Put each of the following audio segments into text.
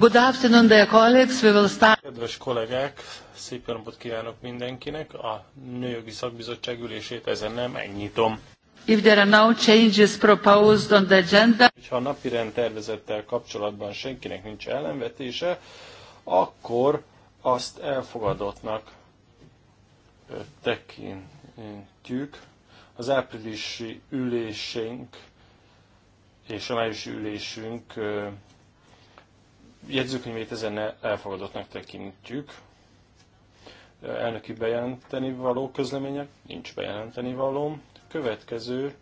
Good afternoon, dear colleagues. We will start. Kedves kollégák, szép napot kívánok mindenkinek. A Nőjogi Szakbizottság ülését ezen nem megnyitom. If there are no changes proposed on the agenda. Ha a napi rend tervezettel kapcsolatban senkinek nincs ellenvetése, akkor azt elfogadottnak tekintjük. Az áprilisi ülésünk és a májusi ülésünk jegyzőkönyvét ezen elfogadottnak tekintjük. Elnöki bejelenteni való közlemények, nincs bejelenteni való. Következő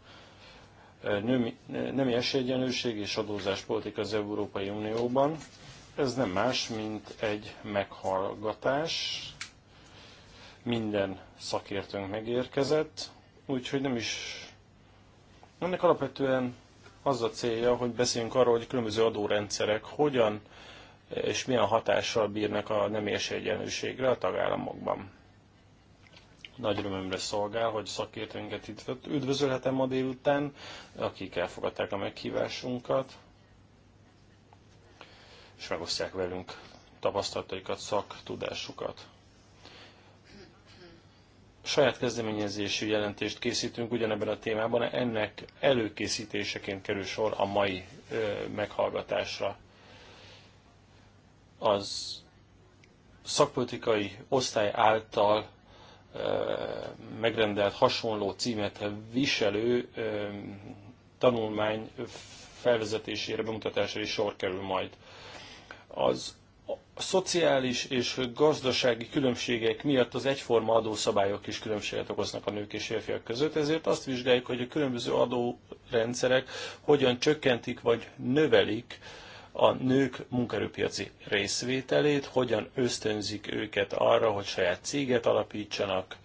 nemi esélyegyenlőség és politika az Európai Unióban. Ez nem más, mint egy meghallgatás. Minden szakértőnk megérkezett, úgyhogy nem is... Ennek alapvetően az a célja, hogy beszéljünk arról, hogy különböző adórendszerek hogyan és milyen hatással bírnak a nem egyenlőségre a tagállamokban. Nagy örömömre szolgál, hogy szakértőnket itt üdvözölhetem ma délután, akik elfogadták a meghívásunkat, és megosztják velünk tapasztalataikat, szaktudásukat saját kezdeményezésű jelentést készítünk ugyanebben a témában, ennek előkészítéseként kerül sor a mai meghallgatásra az szakpolitikai osztály által megrendelt hasonló címet viselő tanulmány felvezetésére, bemutatására is sor kerül majd. Az a szociális és gazdasági különbségek miatt az egyforma adószabályok is különbséget okoznak a nők és férfiak között, ezért azt vizsgáljuk, hogy a különböző adórendszerek hogyan csökkentik vagy növelik a nők munkerőpiaci részvételét, hogyan ösztönzik őket arra, hogy saját céget alapítsanak,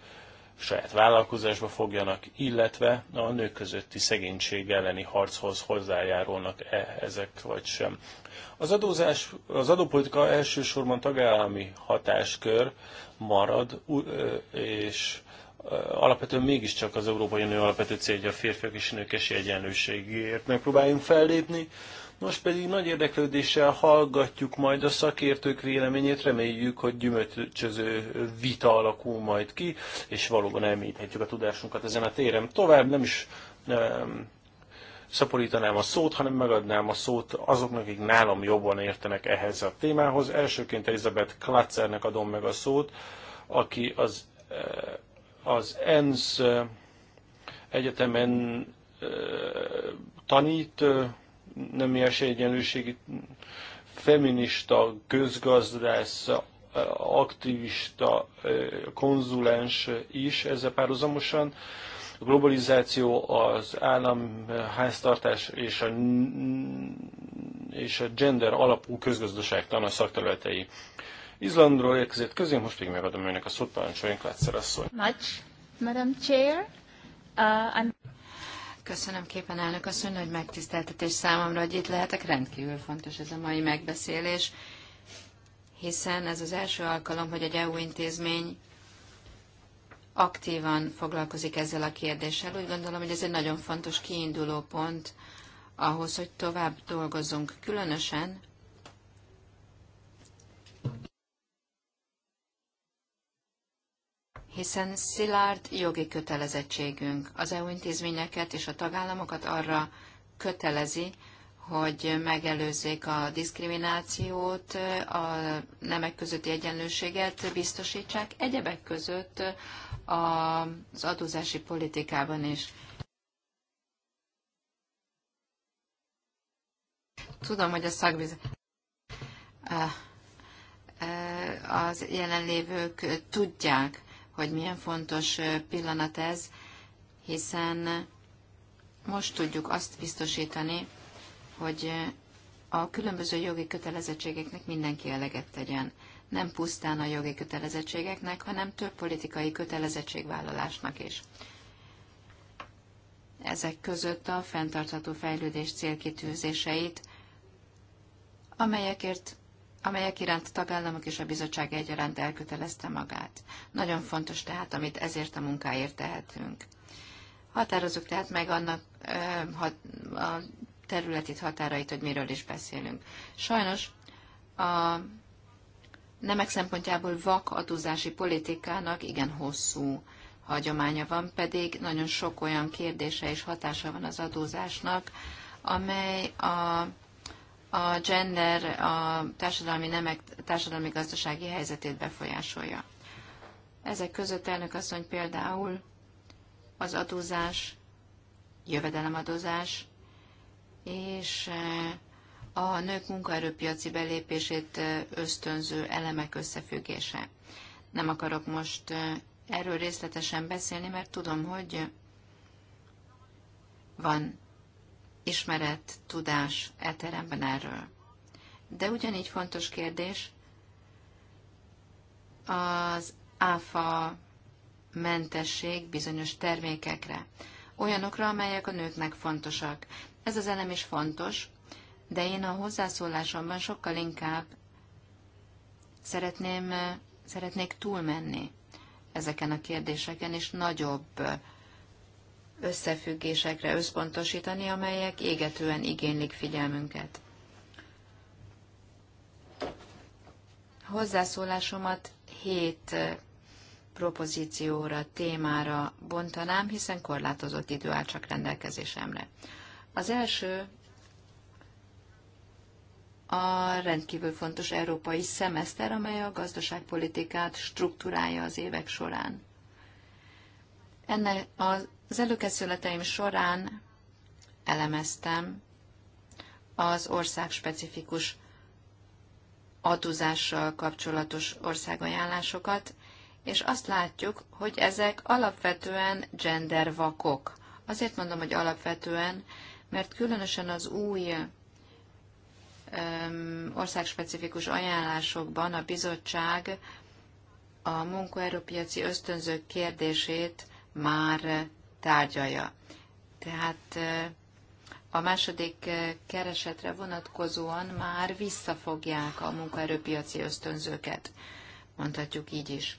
saját vállalkozásba fogjanak, illetve a nők közötti szegénység elleni harchoz hozzájárulnak-e ezek vagy sem. Az, adózás, az adópolitika elsősorban tagállami hatáskör marad, és alapvetően mégiscsak az Európai Unió alapvető célja a férfiak és nők egyenlőségért megpróbáljunk fellépni. Most pedig nagy érdeklődéssel hallgatjuk majd a szakértők véleményét, reméljük, hogy gyümölcsöző vita alakul majd ki, és valóban elmélyíthetjük a tudásunkat ezen a téren. Tovább nem is um, szaporítanám a szót, hanem megadnám a szót azoknak, akik nálam jobban értenek ehhez a témához. Elsőként Elizabeth Klatzernek adom meg a szót, aki az, eh, az ENSZ eh, egyetemen eh, tanít, nem ilyen egyenlőségi feminista, közgazdász, aktivista, konzulens is ezzel párhuzamosan. A globalizáció, az államháztartás és a, és a gender alapú közgazdaságtan a szakterületei. Izlandról érkezett közé, most pedig megadom önnek a szót, parancsoljon Klátszer asszony. Nagy, Madam Chair. Uh, I'm... Köszönöm képen, elnök asszony, nagy megtiszteltetés számomra, hogy itt lehetek. Rendkívül fontos ez a mai megbeszélés, hiszen ez az első alkalom, hogy egy EU intézmény aktívan foglalkozik ezzel a kérdéssel. Úgy gondolom, hogy ez egy nagyon fontos kiinduló pont ahhoz, hogy tovább dolgozzunk, különösen hiszen szilárd jogi kötelezettségünk az EU intézményeket és a tagállamokat arra kötelezi, hogy megelőzzék a diszkriminációt, a nemek közötti egyenlőséget biztosítsák, egyebek között az adózási politikában is. Tudom, hogy a szakbiz... az jelenlévők tudják, hogy milyen fontos pillanat ez, hiszen most tudjuk azt biztosítani, hogy a különböző jogi kötelezettségeknek mindenki eleget tegyen. Nem pusztán a jogi kötelezettségeknek, hanem több politikai kötelezettségvállalásnak is. Ezek között a fenntartható fejlődés célkitűzéseit, amelyekért amelyek iránt a tagállamok és a bizottság egyaránt elkötelezte magát. Nagyon fontos tehát, amit ezért a munkáért tehetünk. Határozzuk tehát meg annak a területét, határait, hogy miről is beszélünk. Sajnos a nemek szempontjából vak adózási politikának igen hosszú hagyománya van, pedig nagyon sok olyan kérdése és hatása van az adózásnak, amely a a gender a társadalmi nemek társadalmi-gazdasági helyzetét befolyásolja. Ezek között elnök asszony például az adózás, jövedelemadózás és eh, a nők munkaerőpiaci belépését eh, ösztönző elemek összefüggése. Nem akarok most eh, erről részletesen beszélni, mert tudom, hogy van ismeret, tudás e teremben erről. De ugyanígy fontos kérdés az áfa mentesség bizonyos termékekre, olyanokra, amelyek a nőknek fontosak. Ez az elem is fontos, de én a hozzászólásomban sokkal inkább szeretném, szeretnék túlmenni ezeken a kérdéseken, és nagyobb összefüggésekre összpontosítani, amelyek égetően igénylik figyelmünket. Hozzászólásomat hét eh, propozícióra, témára bontanám, hiszen korlátozott idő áll csak rendelkezésemre. Az első a rendkívül fontos európai szemeszter, amely a gazdaságpolitikát struktúrája az évek során. Ennek az az előkészületeim során elemeztem az ország specifikus adózással kapcsolatos országajánlásokat, és azt látjuk, hogy ezek alapvetően gendervakok. Azért mondom, hogy alapvetően, mert különösen az új országspecifikus ajánlásokban a bizottság a munkaerőpiaci ösztönzők kérdését már tárgyalja. Tehát a második keresetre vonatkozóan már visszafogják a munkaerőpiaci ösztönzőket, mondhatjuk így is.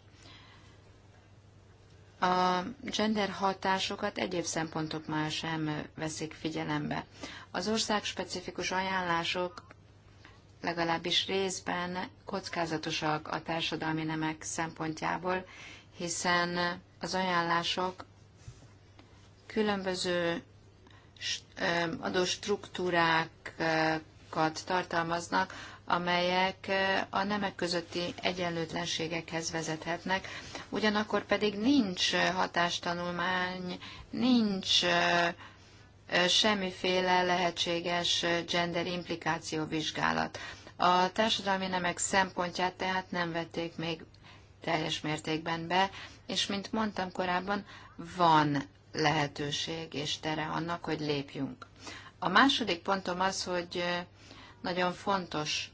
A gender hatásokat egyéb szempontok már sem veszik figyelembe. Az ország specifikus ajánlások legalábbis részben kockázatosak a társadalmi nemek szempontjából, hiszen az ajánlások különböző adóstruktúrákat tartalmaznak, amelyek eh, a nemek közötti egyenlőtlenségekhez vezethetnek. Ugyanakkor pedig nincs eh, hatástanulmány, nincs eh, semmiféle lehetséges gender implikáció vizsgálat. A társadalmi nemek szempontját tehát nem vették még teljes mértékben be, és mint mondtam korábban, van lehetőség és tere annak, hogy lépjünk. A második pontom az, hogy nagyon fontos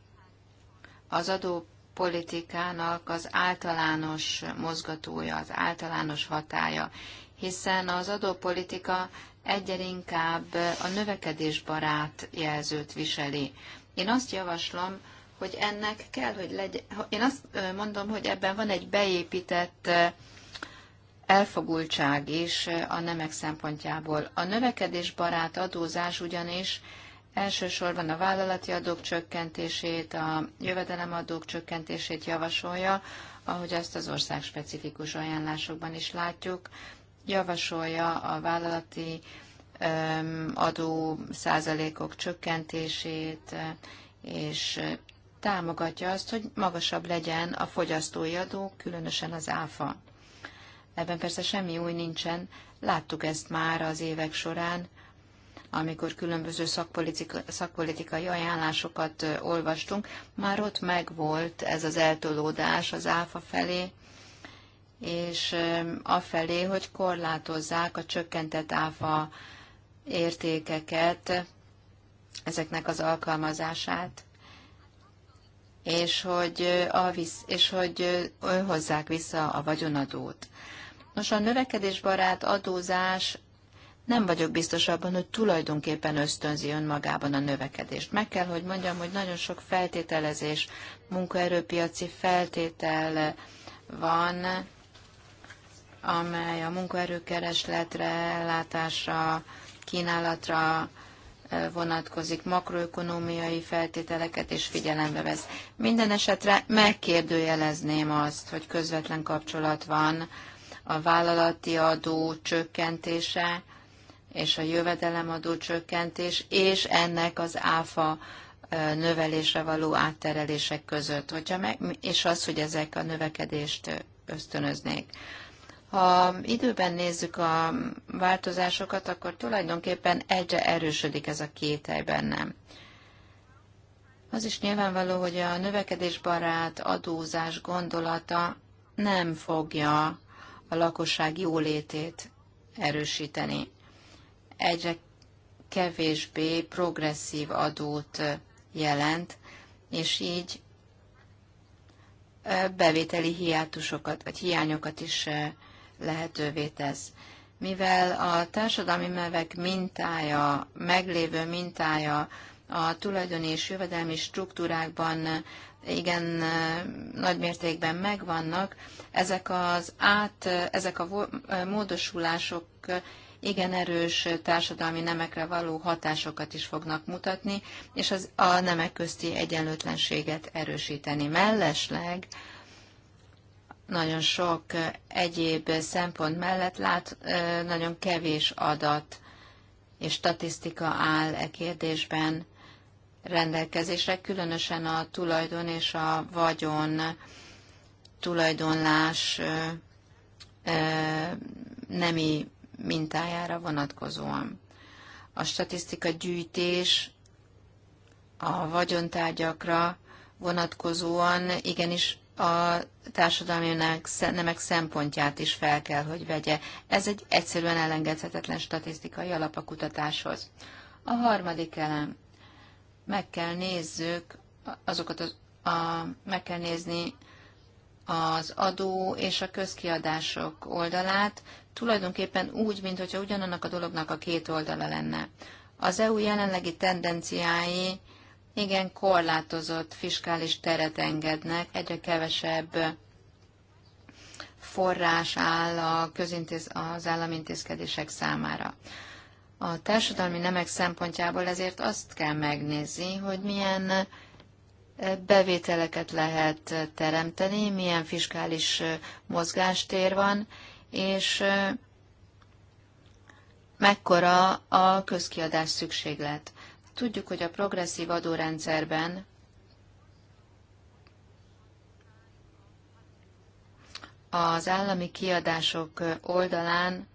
az adópolitikának az általános mozgatója, az általános hatája, hiszen az adópolitika egyre inkább a növekedésbarát jelzőt viseli. Én azt javaslom, hogy ennek kell, hogy legyen, én azt mondom, hogy ebben van egy beépített elfogultság is a nemek szempontjából. A növekedés barát adózás ugyanis elsősorban a vállalati adók csökkentését, a jövedelemadók csökkentését javasolja, ahogy azt az ország specifikus ajánlásokban is látjuk, javasolja a vállalati adó százalékok csökkentését, és támogatja azt, hogy magasabb legyen a fogyasztói adó, különösen az áfa. Ebben persze semmi új nincsen, láttuk ezt már az évek során, amikor különböző szakpolitika, szakpolitikai ajánlásokat olvastunk, már ott megvolt ez az eltolódás az áfa felé, és afelé, hogy korlátozzák a csökkentett áfa értékeket, ezeknek az alkalmazását, és hogy, a visz, és hogy hozzák vissza a vagyonadót. Nos, a növekedésbarát adózás nem vagyok biztos abban, hogy tulajdonképpen ösztönzi önmagában a növekedést. Meg kell, hogy mondjam, hogy nagyon sok feltételezés, munkaerőpiaci feltétel van, amely a munkaerőkeresletre, ellátásra, kínálatra vonatkozik, makroökonómiai feltételeket is figyelembe vesz. Minden esetre megkérdőjelezném azt, hogy közvetlen kapcsolat van a vállalati adó csökkentése és a jövedelemadó csökkentés, és ennek az áfa növelésre való átterelések között, hogyha meg, és az, hogy ezek a növekedést ösztönöznék. Ha időben nézzük a változásokat, akkor tulajdonképpen egyre erősödik ez a kételj bennem. Az is nyilvánvaló, hogy a növekedésbarát adózás gondolata nem fogja a lakosság jólétét erősíteni. Egyre kevésbé progresszív adót jelent, és így bevételi hiátusokat vagy hiányokat is lehetővé tesz. Mivel a társadalmi mevek mintája, meglévő mintája a tulajdoni és jövedelmi struktúrákban igen nagy mértékben megvannak. Ezek az át, ezek a módosulások igen erős társadalmi nemekre való hatásokat is fognak mutatni, és az a nemek közti egyenlőtlenséget erősíteni. Mellesleg nagyon sok egyéb szempont mellett lát, nagyon kevés adat és statisztika áll e kérdésben rendelkezésre, különösen a tulajdon és a vagyon tulajdonlás nemi mintájára vonatkozóan. A statisztika gyűjtés a vagyontárgyakra vonatkozóan igenis a társadalmi nemek szempontját is fel kell, hogy vegye. Ez egy egyszerűen elengedhetetlen statisztikai alap a kutatáshoz. A harmadik elem meg kell nézzük azokat az, a, meg kell nézni az adó és a közkiadások oldalát, tulajdonképpen úgy, mintha ugyanannak a dolognak a két oldala lenne. Az EU jelenlegi tendenciái igen korlátozott fiskális teret engednek, egyre kevesebb forrás áll a közintéz, az államintézkedések számára. A társadalmi nemek szempontjából ezért azt kell megnézni, hogy milyen eh, bevételeket lehet eh, teremteni, milyen fiskális eh, mozgástér van, és mekkora a közkiadás szükséglet. Tudjuk, hogy a progresszív adórendszerben az állami kiadások oldalán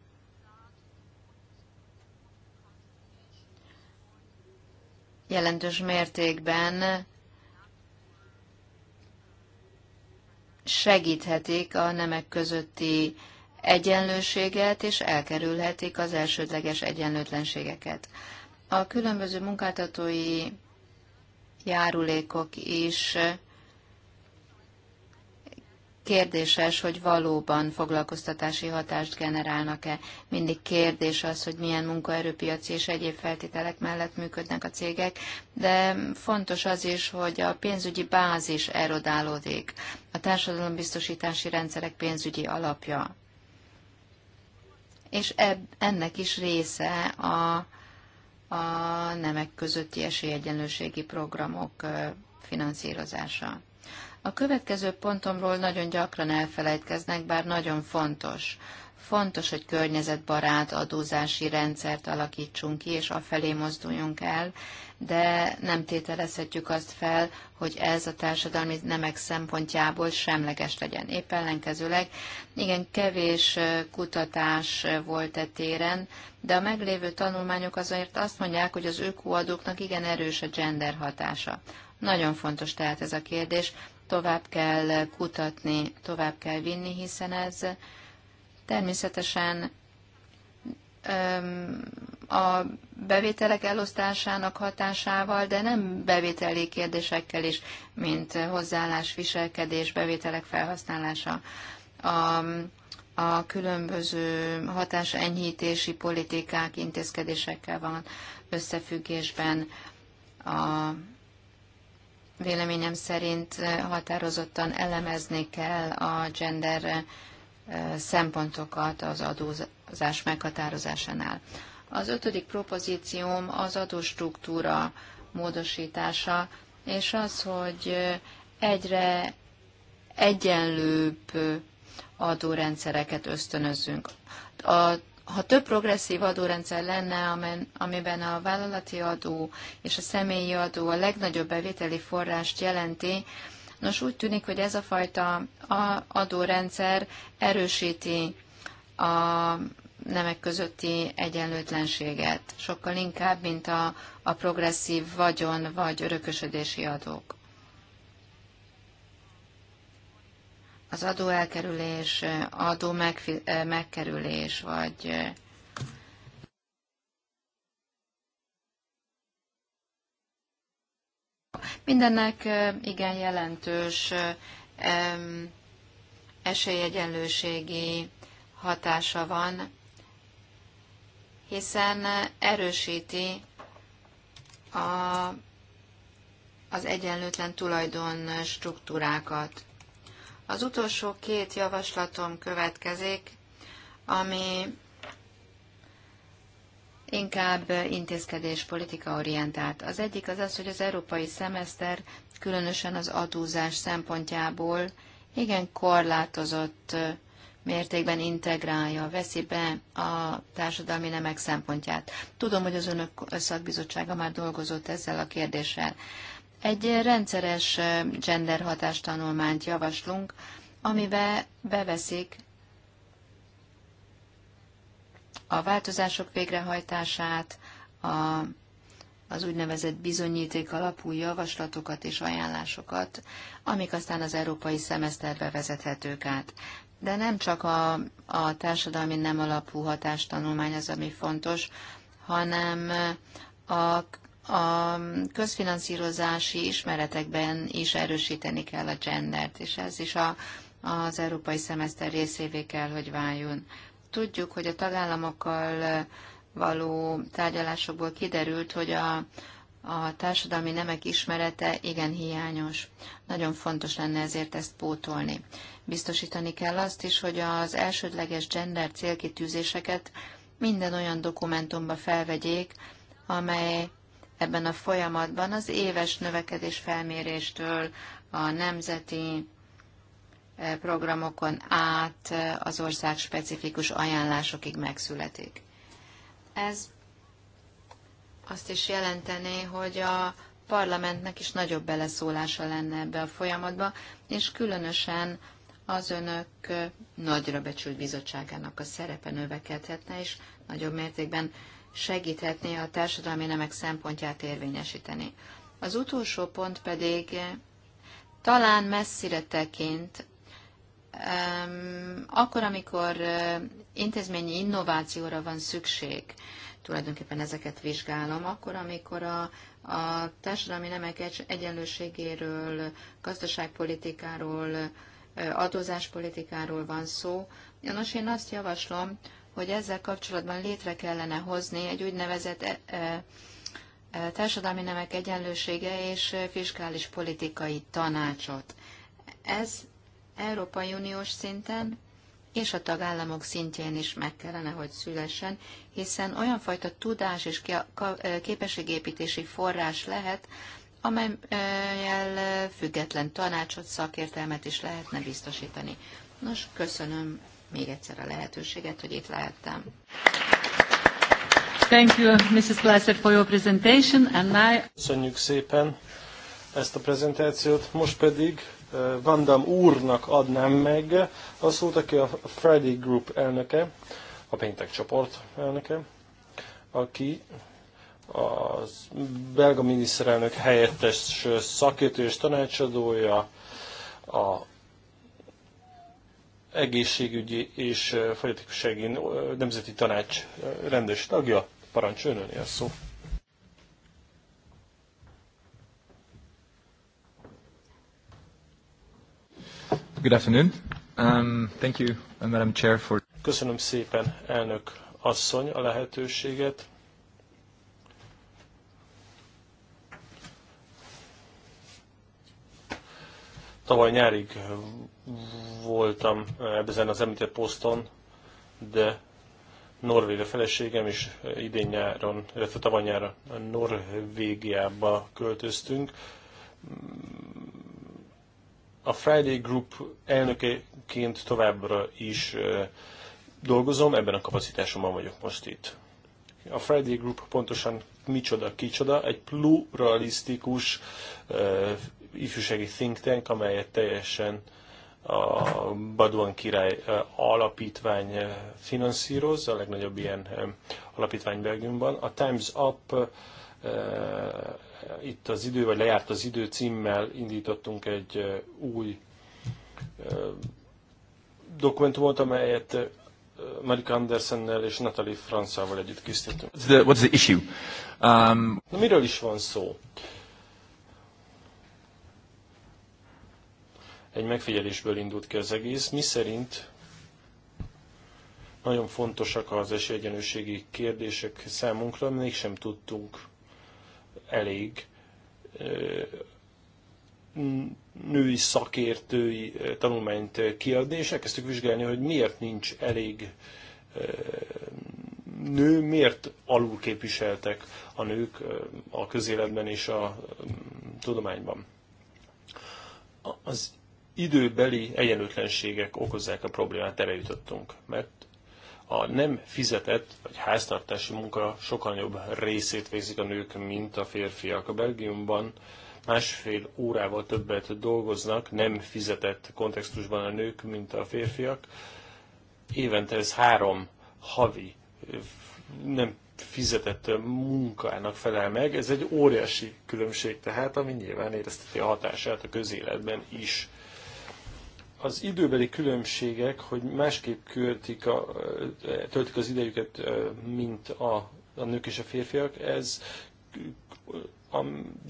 jelentős mértékben segíthetik a nemek közötti egyenlőséget, és elkerülhetik az elsődleges egyenlőtlenségeket. A különböző munkáltatói járulékok is kérdéses, hogy valóban foglalkoztatási hatást generálnak-e. Mindig kérdés az, hogy milyen munkaerőpiaci és egyéb feltételek mellett működnek a cégek, de fontos az is, hogy a pénzügyi bázis erodálódik, a társadalombiztosítási rendszerek pénzügyi alapja. És eb, ennek is része a, a nemek közötti esélyegyenlőségi programok finanszírozása. A következő pontomról nagyon gyakran elfelejtkeznek, bár nagyon fontos. Fontos, hogy környezetbarát adózási rendszert alakítsunk ki, és afelé mozduljunk el, de nem tételezhetjük azt fel, hogy ez a társadalmi nemek szempontjából semleges legyen. Épp ellenkezőleg igen kevés kutatás volt e téren, de a meglévő tanulmányok azért azt mondják, hogy az ökóadóknak igen erős a gender hatása. Nagyon fontos tehát ez a kérdés, tovább kell kutatni, tovább kell vinni, hiszen ez természetesen a bevételek elosztásának hatásával, de nem bevételi kérdésekkel is, mint hozzáállás, viselkedés, bevételek felhasználása. A, a különböző hatásenyhítési politikák, intézkedésekkel van összefüggésben a véleményem szerint határozottan elemezni kell a gender szempontokat az adózás meghatározásánál. Az ötödik propozícióm az adóstruktúra módosítása, és az, hogy egyre egyenlőbb adórendszereket ösztönözzünk. A ha több progresszív adórendszer lenne, amiben a vállalati adó és a személyi adó a legnagyobb bevételi forrást jelenti, nos úgy tűnik, hogy ez a fajta adórendszer erősíti a nemek közötti egyenlőtlenséget, sokkal inkább, mint a, a progresszív vagyon vagy örökösödési adók. az adóelkerülés, adó eh, megkerülés, vagy eh, mindennek eh, igen jelentős esélyegyenlőségi hatása van, hiszen erősíti a, az egyenlőtlen tulajdon struktúrákat. Az utolsó két javaslatom következik, ami inkább intézkedés politika orientált. Az egyik az az, hogy az európai szemeszter különösen az adózás szempontjából igen korlátozott mértékben integrálja, veszi be a társadalmi nemek szempontját. Tudom, hogy az önök szakbizottsága már dolgozott ezzel a kérdéssel. Egy rendszeres gender hatástanulmányt javaslunk, amibe beveszik a változások végrehajtását, a, az úgynevezett bizonyíték alapú javaslatokat és ajánlásokat, amik aztán az európai szemeszterbe vezethetők át. De nem csak a, a társadalmi nem alapú hatástanulmány az, ami fontos, hanem a a közfinanszírozási ismeretekben is erősíteni kell a gendert, és ez is a, az európai szemeszter részévé kell, hogy váljon. Tudjuk, hogy a tagállamokkal való tárgyalásokból kiderült, hogy a, a társadalmi nemek ismerete igen hiányos. Nagyon fontos lenne ezért ezt pótolni. Biztosítani kell azt is, hogy az elsődleges gender célkitűzéseket minden olyan dokumentumba felvegyék, amely ebben a folyamatban az éves növekedés felméréstől a nemzeti eh, programokon át eh, az ország specifikus ajánlásokig megszületik. Ez azt is jelentené, hogy a parlamentnek is nagyobb beleszólása lenne ebbe a folyamatba, és különösen az önök eh, nagyra becsült bizottságának a szerepe növekedhetne, és nagyobb mértékben segíthetné a társadalmi nemek szempontját érvényesíteni. Az utolsó pont pedig eh, talán messzire tekint, akkor, amikor eh, intézményi innovációra van szükség, tulajdonképpen ezeket vizsgálom, akkor, amikor a, a társadalmi nemek egyenlőségéről, gazdaságpolitikáról, eh, adózáspolitikáról van szó, Nos, én azt javaslom, hogy ezzel kapcsolatban létre kellene hozni egy úgynevezett e, e, e, társadalmi nemek egyenlősége és fiskális politikai tanácsot. Ez Európai Uniós szinten és a tagállamok szintjén is meg kellene, hogy szülessen, hiszen olyan fajta tudás és képességépítési forrás lehet, amelyel független tanácsot, szakértelmet is lehetne biztosítani. Nos, köszönöm még egyszer a lehetőséget, hogy itt lehettem. Thank you, Mrs. Placer, for your presentation, and I... Köszönjük szépen ezt a prezentációt. Most pedig eh, Vandam úrnak adnám meg a szót, aki a Friday Group elnöke, a péntek csoport elnöke, aki a belga miniszterelnök helyettes szakértő és tanácsadója, a egészségügyi és fogyatékossági nemzeti tanács rendes tagja. Parancs önöné a szó. Good afternoon. Um, thank you, Madam Chair, for... Köszönöm szépen, elnök asszony, a lehetőséget. Tavaly nyárig voltam ezen az említett poszton, de norvég a feleségem, és idén nyáron, illetve tavaly nyáron Norvégiába költöztünk. A Friday Group elnökeként továbbra is dolgozom, ebben a kapacitásomban vagyok most itt. A Friday Group pontosan micsoda, kicsoda, egy pluralisztikus ifjúsági think tank, amelyet teljesen a Baduan király alapítvány finanszíroz, a legnagyobb ilyen alapítvány Belgiumban. A Times Up itt az idő, vagy lejárt az idő címmel indítottunk egy új dokumentumot, amelyet Marika Andersennel és Natalie Francával együtt készítettünk. What's the, what's the issue? Um... Na, miről is van szó? Uh, egy megfigyelésből indult ki az egész, mi szerint nagyon fontosak az esélyegyenlőségi kérdések számunkra, mégsem tudtunk elég női szakértői tanulmányt kiadni, és elkezdtük vizsgálni, hogy miért nincs elég nő, miért alulképviseltek a nők a közéletben és a mm, tudományban. Az időbeli egyenlőtlenségek okozzák a problémát, erre jutottunk, mert a nem fizetett vagy háztartási munka sokkal jobb részét végzik a nők, mint a férfiak. A Belgiumban másfél órával többet dolgoznak nem fizetett kontextusban a nők, mint a férfiak. Évente ez három havi nem fizetett munkának felel meg. Ez egy óriási különbség tehát, ami nyilván érezteti a hatását a közéletben is az időbeli különbségek, hogy másképp költik a, töltik az idejüket, mint a, a nők és a férfiak, ez a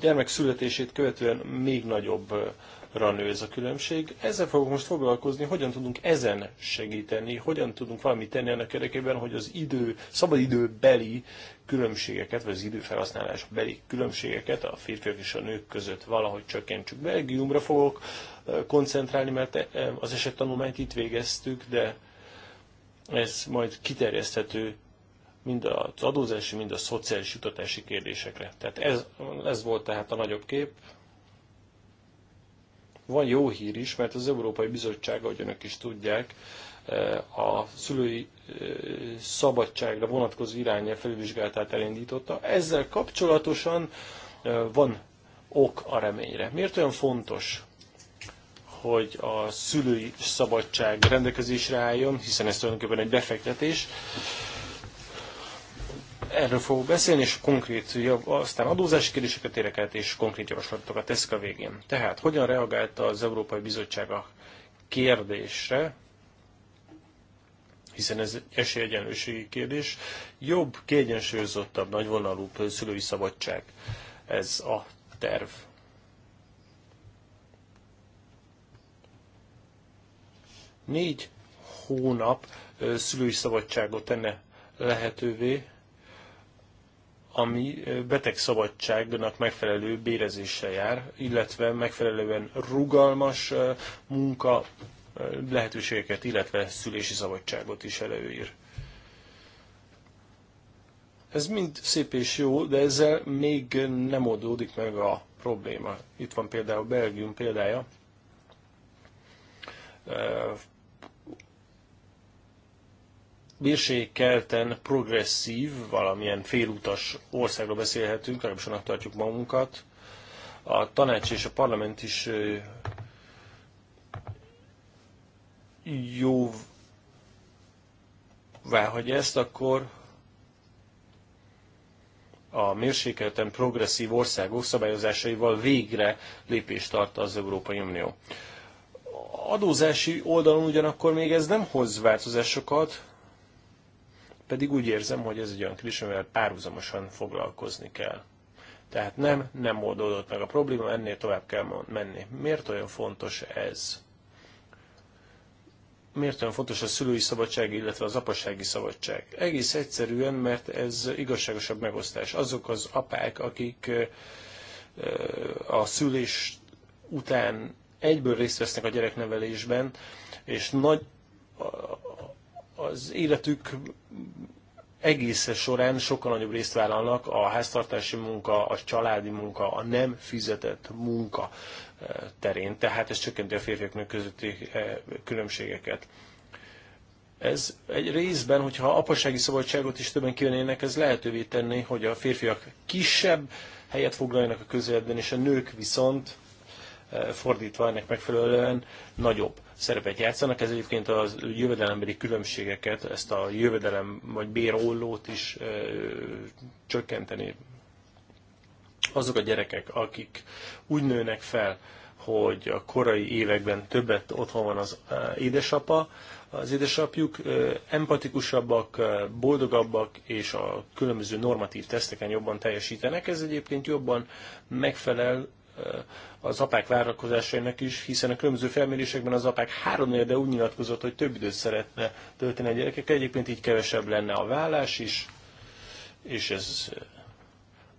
gyermek születését követően még nagyobbra nő ez a különbség. Ezzel fogok most foglalkozni, hogyan tudunk ezen segíteni, hogyan tudunk valamit tenni ennek érdekében, hogy az idő, szabadidőbeli különbségeket, vagy az időfelhasználás beli különbségeket a férfiak és a nők között valahogy csökkentsük. Belgiumra fogok koncentrálni, mert az esettanulmányt itt végeztük, de ez majd kiterjeszthető mind az adózási, mind a szociális jutatási kérdésekre. Tehát ez, ez volt tehát a nagyobb kép. Van jó hír is, mert az Európai Bizottság, ahogy önök is tudják, a szülői szabadságra vonatkozó irányel felülvizsgálatát elindította. Ezzel kapcsolatosan van ok a reményre. Miért olyan fontos, hogy a szülői szabadság rendelkezésre álljon, hiszen ez tulajdonképpen egy befektetés. Erről fogok beszélni, és konkrét, aztán adózási kérdéseket érek át, és konkrét javaslatokat teszek a végén. Tehát, hogyan reagált az Európai Bizottság a kérdésre, hiszen ez esélyegyenlőségi kérdés. Jobb, kiegyensúlyozottabb, nagyvonalú szülői szabadság. Ez a terv. Négy hónap szülői szabadságot tenne lehetővé, ami betegszabadságnak megfelelő bérezéssel jár, illetve megfelelően rugalmas munka lehetőségeket, illetve szülési szabadságot is előír. Ez mind szép és jó, de ezzel még nem oldódik meg a probléma. Itt van például Belgium példája. Bírségkelten progresszív, valamilyen félutas országról beszélhetünk, legalábbis annak tartjuk magunkat. A tanács és a parlament is jóvá hagyja ezt, akkor a mérsékelten progresszív országok szabályozásaival végre lépést tart az Európai Unió. Adózási oldalon ugyanakkor még ez nem hoz változásokat, pedig úgy érzem, hogy ez egy olyan kérdés, amivel párhuzamosan foglalkozni kell. Tehát nem, nem oldódott meg a probléma, ennél tovább kell menni. Miért olyan fontos ez? miért olyan fontos a szülői szabadság, illetve az apasági szabadság? Egész egyszerűen, mert ez igazságosabb megosztás. Azok az apák, akik a szülés után egyből részt vesznek a gyereknevelésben, és nagy az életük egész során sokkal nagyobb részt vállalnak a háztartási munka, a családi munka, a nem fizetett munka terén, tehát ez csökkenti a férfiaknak közötti eh, különbségeket. Ez egy részben, hogyha apasági szabadságot is többen kivennének, ez lehetővé tenni, hogy a férfiak kisebb helyet foglaljanak a közéletben, és a nők viszont eh, fordítva ennek megfelelően nagyobb szerepet játszanak. Ez egyébként a jövedelembeli különbségeket, ezt a jövedelem vagy bérollót is ö, eh, csökkenteni azok a gyerekek, akik úgy nőnek fel, hogy a korai években többet otthon van az édesapa, az édesapjuk empatikusabbak, boldogabbak, és a különböző normatív teszteken jobban teljesítenek. Ez egyébként jobban megfelel az apák várakozásainak is, hiszen a különböző felmérésekben az apák de úgy nyilatkozott, hogy több időt szeretne tölteni a gyerekekkel, egyébként így kevesebb lenne a vállás is, és ez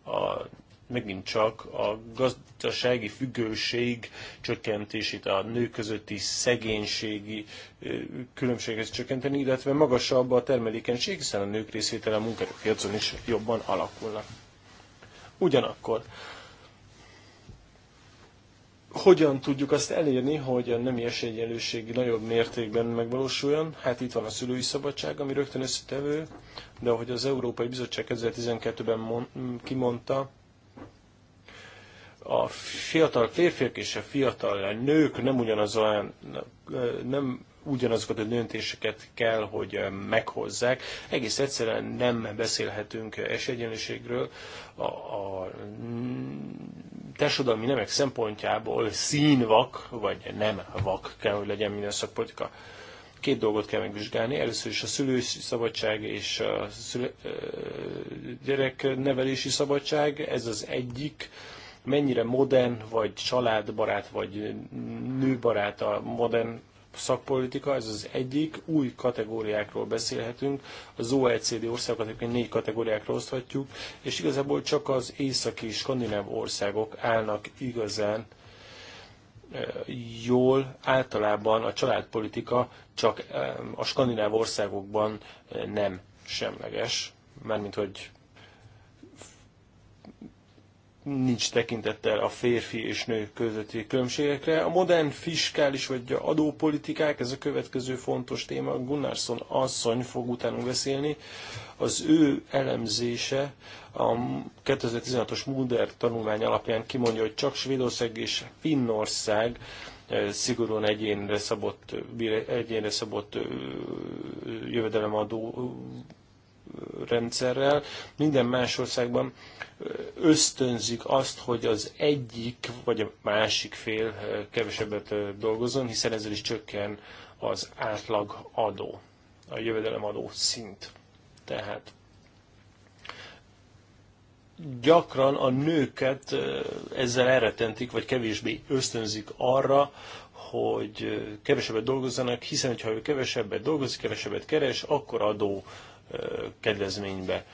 a megint csak a gazdasági függőség csökkentését, a nők közötti szegénységi különbséget csökkenteni, illetve magasabb a termelékenység, hiszen a nők részvétele a munkerőpiacon is jobban alakulna. Ugyanakkor hogyan tudjuk azt elérni, hogy a nemi esélyegyenlőség nagyobb mértékben megvalósuljon? Hát itt van a szülői szabadság, ami rögtön összetevő, de ahogy az Európai Bizottság 2012-ben kimondta, a fiatal férfiak és a fiatal nők nem ugyanaz olyan, nem ugyanazokat a döntéseket kell, hogy meghozzák. Egész egyszerűen nem beszélhetünk esélyegyenlőségről. A, a társadalmi nemek szempontjából színvak, vagy nem vak kell, hogy legyen minden szakpolitika. Két dolgot kell megvizsgálni. Először is a szülői szabadság és a szüle, gyereknevelési szabadság. Ez az egyik mennyire modern, vagy családbarát, vagy nőbarát a modern szakpolitika, ez az egyik, új kategóriákról beszélhetünk, az OECD országokat egyébként négy kategóriákra oszthatjuk, és igazából csak az északi skandináv országok állnak igazán jól, általában a családpolitika csak a skandináv országokban nem semleges, mármint hogy nincs tekintettel a férfi és nő közötti különbségekre. A modern fiskális vagy adópolitikák, ez a következő fontos téma, Gunnarsson asszony fog utána beszélni. Az ő elemzése a 2016-os Mulder tanulmány alapján kimondja, hogy csak Svédország és Finnország eh, szigorúan egyénre szabott, egyénre szabott eh, jövedelemadó rendszerrel. Minden más országban ösztönzik azt, hogy az egyik vagy a másik fél kevesebbet dolgozzon, hiszen ezzel is csökken az átlag adó, a jövedelemadó szint. Tehát gyakran a nőket ezzel elretentik, vagy kevésbé ösztönzik arra, hogy kevesebbet dolgozzanak, hiszen ha ő kevesebbet dolgozik, kevesebbet keres, akkor adó kedvezménybe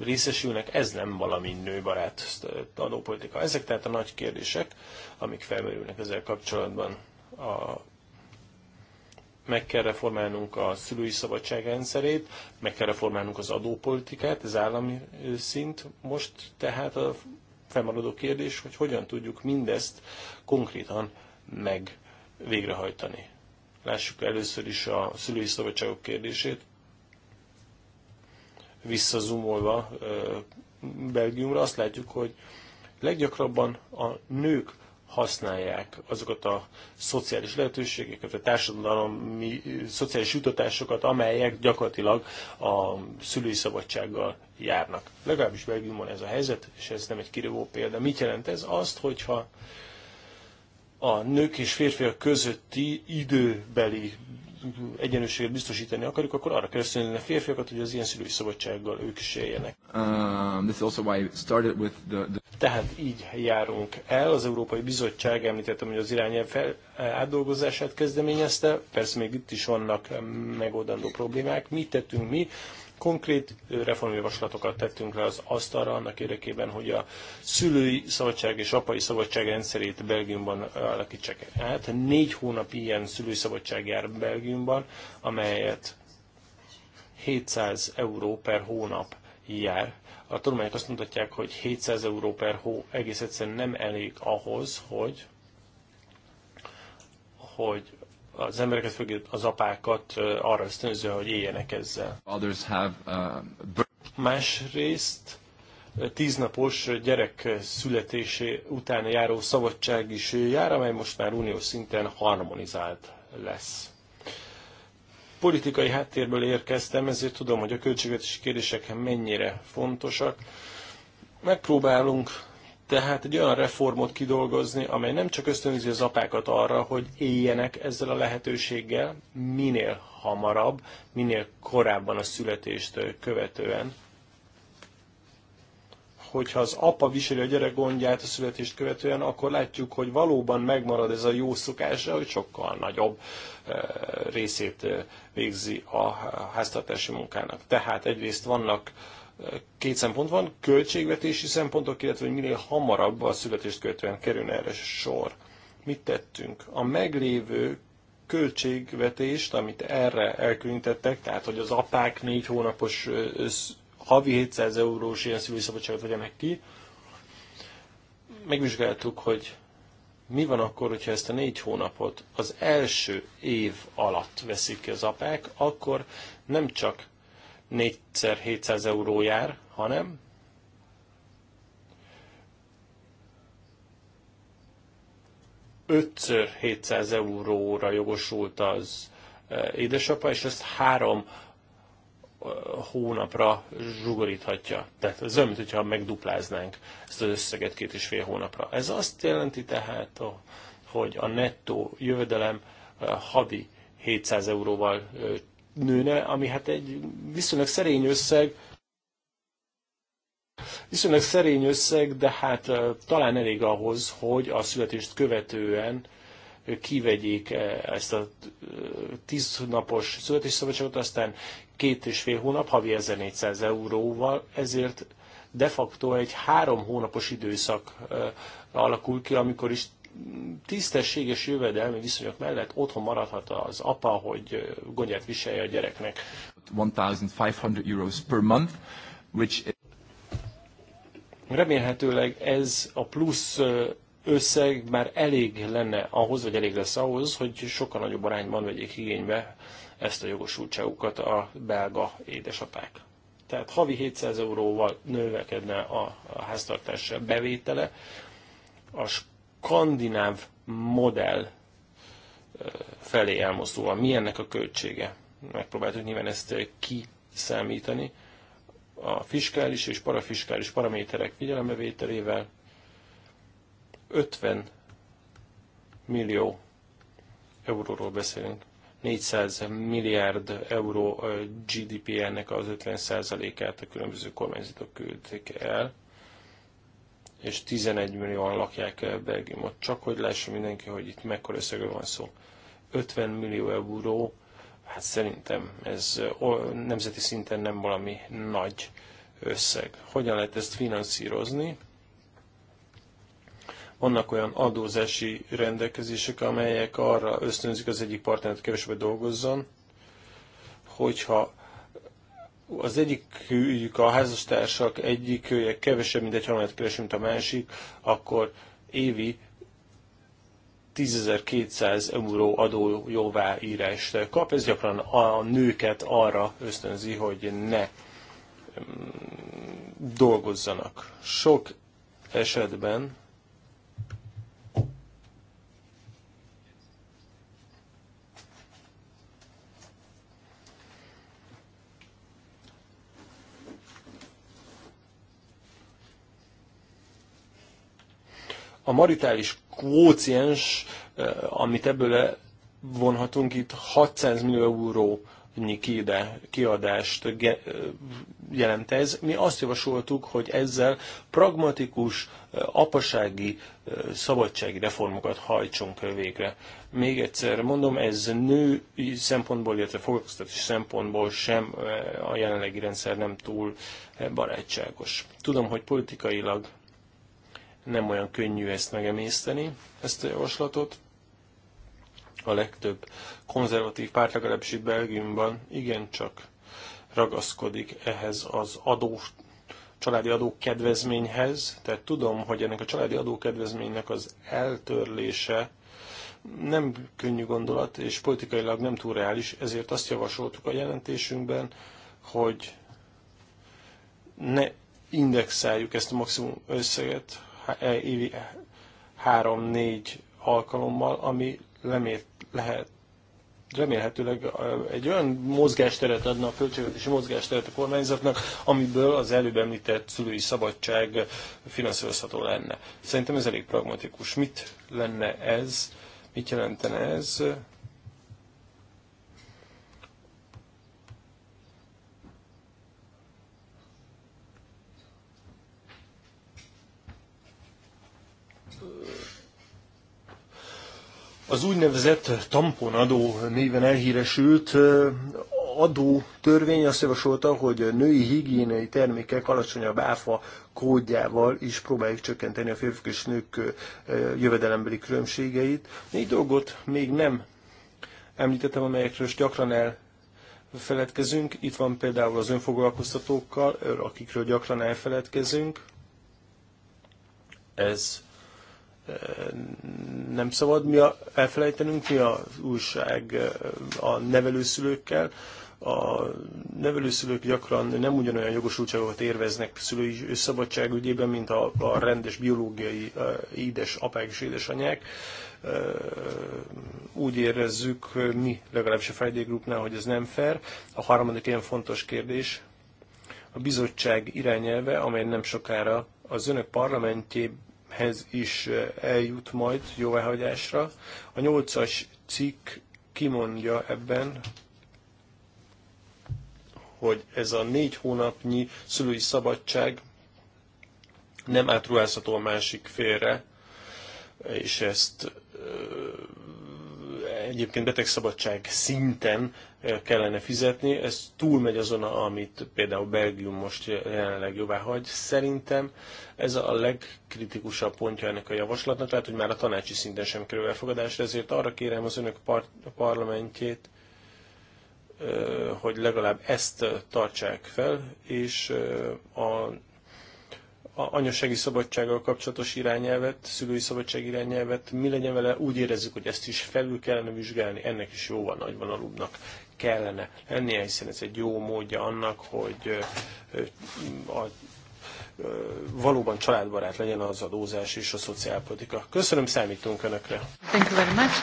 részesülnek, ez nem valami nőbarát adópolitika. Ezek tehát a nagy kérdések, amik felmerülnek ezzel kapcsolatban. A, meg kell reformálnunk a szülői szabadság rendszerét, meg kell reformálnunk az adópolitikát, ez állami szint. Most tehát a felmaradó kérdés, hogy hogyan tudjuk mindezt konkrétan meg végrehajtani. Lássuk először is a szülői szabadságok kérdését visszazumolva Belgiumra, azt látjuk, hogy leggyakrabban a nők használják azokat a szociális lehetőségeket, a társadalmi szociális jutatásokat, amelyek gyakorlatilag a szülői szabadsággal járnak. Legalábbis Belgiumon ez a helyzet, és ez nem egy kirívó példa. Mit jelent ez? Azt, hogyha a nők és férfiak közötti időbeli egyenlőséget biztosítani akarjuk, akkor arra kell ösztönözni a férfiakat, hogy az ilyen szülői szabadsággal ők is éljenek. Um, this also why started with the, the... Tehát így járunk el. Az Európai Bizottság, említettem, hogy az irányelv fel, eh, átdolgozását kezdeményezte. Persze még itt is vannak megoldandó problémák. Mit tettünk mi? Konkrét reformjavaslatokat tettünk le az asztalra annak érdekében, hogy a szülői szabadság és apai szabadság rendszerét Belgiumban alakítsák át. Négy hónap ilyen szülői szabadság jár Belgiumban, amelyet 700 euró per hónap jár. A tudományok azt mutatják, hogy 700 euró per hó egész egyszerűen nem elég ahhoz, hogy hogy az embereket, főleg az apákat arra ösztönző, hogy éljenek ezzel. Uh, Másrészt tíznapos gyerek születésé után járó szabadság is jár, amely most már uniós szinten harmonizált lesz. Politikai háttérből érkeztem, ezért tudom, hogy a költségvetési kérdések mennyire fontosak. Megpróbálunk tehát egy olyan reformot kidolgozni, amely nem csak ösztönzi az apákat arra, hogy éljenek ezzel a lehetőséggel minél hamarabb, minél korábban a születést követően. Hogyha az apa viseli a gyerek gondját a születést követően, akkor látjuk, hogy valóban megmarad ez a jó szokása, hogy sokkal nagyobb eh, részét eh, végzi a háztartási munkának. Tehát egyrészt vannak Két szempont van, költségvetési szempontok, illetve hogy minél hamarabb a születést követően kerül erre sor. Mit tettünk? A meglévő költségvetést, amit erre elkülönítettek, tehát hogy az apák négy hónapos havi 700 eurós ilyen szülői szabadságot vegyenek ki, megvizsgáltuk, hogy mi van akkor, hogyha ezt a négy hónapot az első év alatt veszik ki az apák, akkor nem csak 4 700 euró jár, hanem ötször 700 euróra jogosult az e, édesapa, és ezt három e, hónapra zsugoríthatja. Tehát ez olyan, mintha megdupláznánk ezt az összeget két és fél hónapra. Ez azt jelenti tehát, hogy a nettó jövedelem e, havi 700 euróval nőne, ami hát egy viszonylag szerény összeg, viszonylag szerény összeg, de hát talán elég ahhoz, hogy a születést követően kivegyék ezt a tíz napos születésszabadságot, aztán két és fél hónap havi 1400 euróval, ezért de facto egy három hónapos időszak alakul ki, amikor is tisztességes jövedelmi viszonyok mellett otthon maradhat az apa, hogy gondját viselje a gyereknek. 1500 euros per month, which Remélhetőleg ez a plusz összeg már elég lenne ahhoz, vagy elég lesz ahhoz, hogy sokkal nagyobb arányban vegyék igénybe ezt a jogosultságukat a belga édesapák. Tehát havi 700 euróval növekedne a háztartás bevétele, a skandináv modell felé elmozdulva. milyennek a költsége? Megpróbáltuk nyilván ezt kiszámítani a fiskális és parafiskális paraméterek figyelembevételével 50 millió euróról beszélünk. 400 milliárd euró GDP-nek az 50%-át a különböző kormányzatok küldték el és 11 millióan lakják Belgiumot. Csak hogy lássa mindenki, hogy itt mekkora összegről van szó. 50 millió euró, hát szerintem ez nemzeti szinten nem valami nagy összeg. Hogyan lehet ezt finanszírozni? Vannak olyan adózási rendelkezések, amelyek arra ösztönzik az egyik partnert kevesebbe dolgozzon, hogyha az egyik a házastársak egyikője kevesebb, mint egy halált keres, mint a másik, akkor évi 10.200 euró adó jóváírást kap. Ez gyakran a nőket arra ösztönzi, hogy ne mm, dolgozzanak. Sok esetben A maritális kvóciens, eh, amit ebből vonhatunk, itt 600 millió euró kiadást eh, jelent ez. Mi azt javasoltuk, hogy ezzel pragmatikus, eh, apasági, szabadsági reformokat hajtsunk végre. Még egyszer mondom, ez nő szempontból, illetve foglalkoztatási szempontból sem a jelenlegi rendszer nem túl barátságos. Tudom, hogy politikailag nem olyan könnyű ezt megemészteni, ezt a javaslatot. A legtöbb konzervatív párt, legalábbis itt Belgiumban, igencsak ragaszkodik ehhez az adó, családi adókedvezményhez. Tehát tudom, hogy ennek a családi adókedvezménynek az eltörlése nem könnyű gondolat, és politikailag nem túl reális, ezért azt javasoltuk a jelentésünkben, hogy ne indexáljuk ezt a maximum összeget, évi e, három-négy alkalommal, ami remélt, lehet, remélhetőleg e, egy olyan mozgásteret adna a költségvetési mozgásteret a kormányzatnak, amiből az előbb említett szülői szabadság finanszírozható lenne. Szerintem ez elég pragmatikus. Mit lenne ez? Mit jelentene ez? Az úgynevezett tamponadó néven elhíresült adó törvény azt javasolta, hogy női higiéniai termékek alacsonyabb áfa kódjával is próbáljuk csökkenteni a férfiak és nők jövedelembeli különbségeit. Négy dolgot még nem említettem, amelyekről is gyakran el feledkezünk. Itt van például az önfoglalkoztatókkal, akikről gyakran elfeledkezünk. Ez nem szabad mi a, elfelejtenünk, mi az újság a nevelőszülőkkel. A nevelőszülők gyakran nem ugyanolyan jogosultságokat érveznek szülői szabadság ügyében, mint a, a rendes biológiai édes apák és édesanyák. Úgy érezzük mi, legalábbis a Friday Groupnál, hogy ez nem fair. A harmadik ilyen fontos kérdés, a bizottság irányelve, amely nem sokára az önök parlamentjében hez is eh, eljut majd jóváhagyásra. A nyolcas cikk kimondja ebben, hogy ez a négy hónapnyi szülői szabadság nem átruházható a másik félre, és ezt eh, egyébként betegszabadság szinten kellene fizetni, ez túlmegy azon, amit például Belgium most jelenleg jóvá hagy. Szerintem ez a legkritikusabb pontja ennek a javaslatnak, tehát hogy már a tanácsi szinten sem kerül elfogadásra, ezért arra kérem az önök par- parlamentjét, hogy legalább ezt tartsák fel, és a a anyasági szabadsággal kapcsolatos irányelvet, szülői szabadság irányelvet, mi legyen vele, úgy érezzük, hogy ezt is felül kellene vizsgálni, ennek is jóval nagyban alulnak kellene lennie, hiszen ez egy jó módja annak, hogy a valóban családbarát legyen az adózás és a szociálpolitika. Köszönöm, számítunk Önökre. Thank you very much.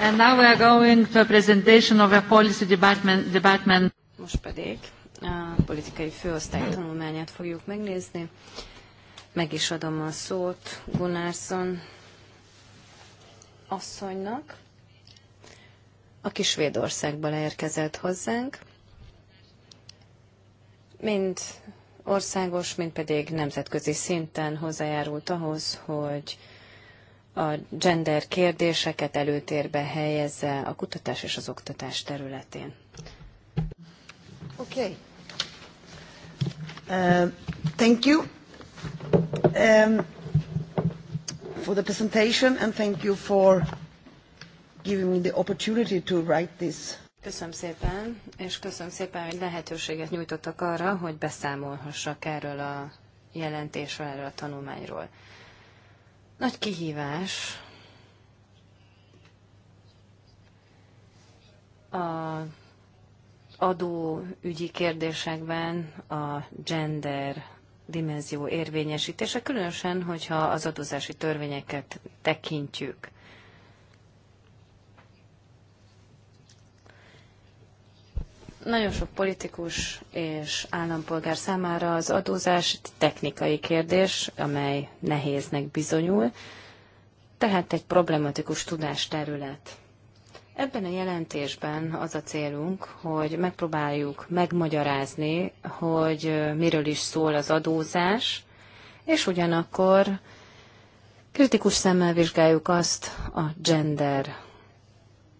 And now we are going to a presentation of a policy department. department. Most pedig a politikai főosztály tanulmányát fogjuk megnézni. Meg is adom a szót Gunnarsson asszonynak aki Svédországból érkezett hozzánk, mind országos, mind pedig nemzetközi szinten hozzájárult ahhoz, hogy a gender kérdéseket előtérbe helyezze a kutatás és az oktatás területén. Oké. Okay. Uh, thank you um, for the presentation and thank you for giving me the opportunity to write this. Köszönöm szépen, és köszönöm szépen, hogy lehetőséget nyújtottak arra, hogy beszámolhassak erről a jelentésről, erről a tanulmányról. Nagy kihívás a adóügyi kérdésekben a gender dimenzió érvényesítése, különösen, hogyha az adózási törvényeket tekintjük. Nagyon sok politikus és állampolgár számára az adózás technikai kérdés, amely nehéznek bizonyul, tehát egy problematikus tudásterület. Ebben a jelentésben az a célunk, hogy megpróbáljuk megmagyarázni, hogy miről is szól az adózás, és ugyanakkor kritikus szemmel vizsgáljuk azt a gender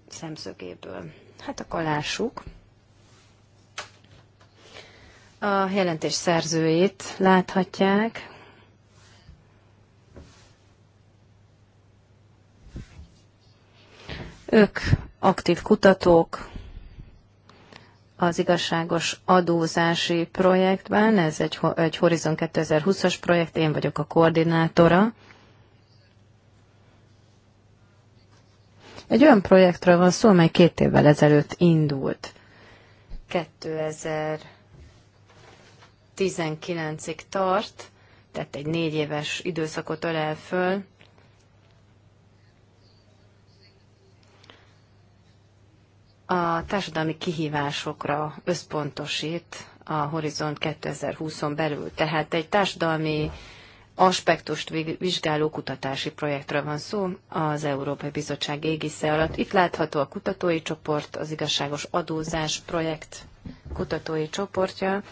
szemszögéből. Hát akkor lássuk. A jelentés szerzőjét láthatják. Ők aktív kutatók az igazságos adózási projektben, ez egy, egy Horizon 2020-as projekt, én vagyok a koordinátora. Egy olyan projektről van szó, amely két évvel ezelőtt indult. 2000 19-ig tart, tehát egy négy éves időszakot ölel föl. A társadalmi kihívásokra összpontosít a Horizont 2020-on belül. Tehát egy társadalmi aspektust vizsgáló kutatási projektről van szó az Európai Bizottság égisze alatt. Itt látható a kutatói csoport, az igazságos adózás projekt kutatói csoportja,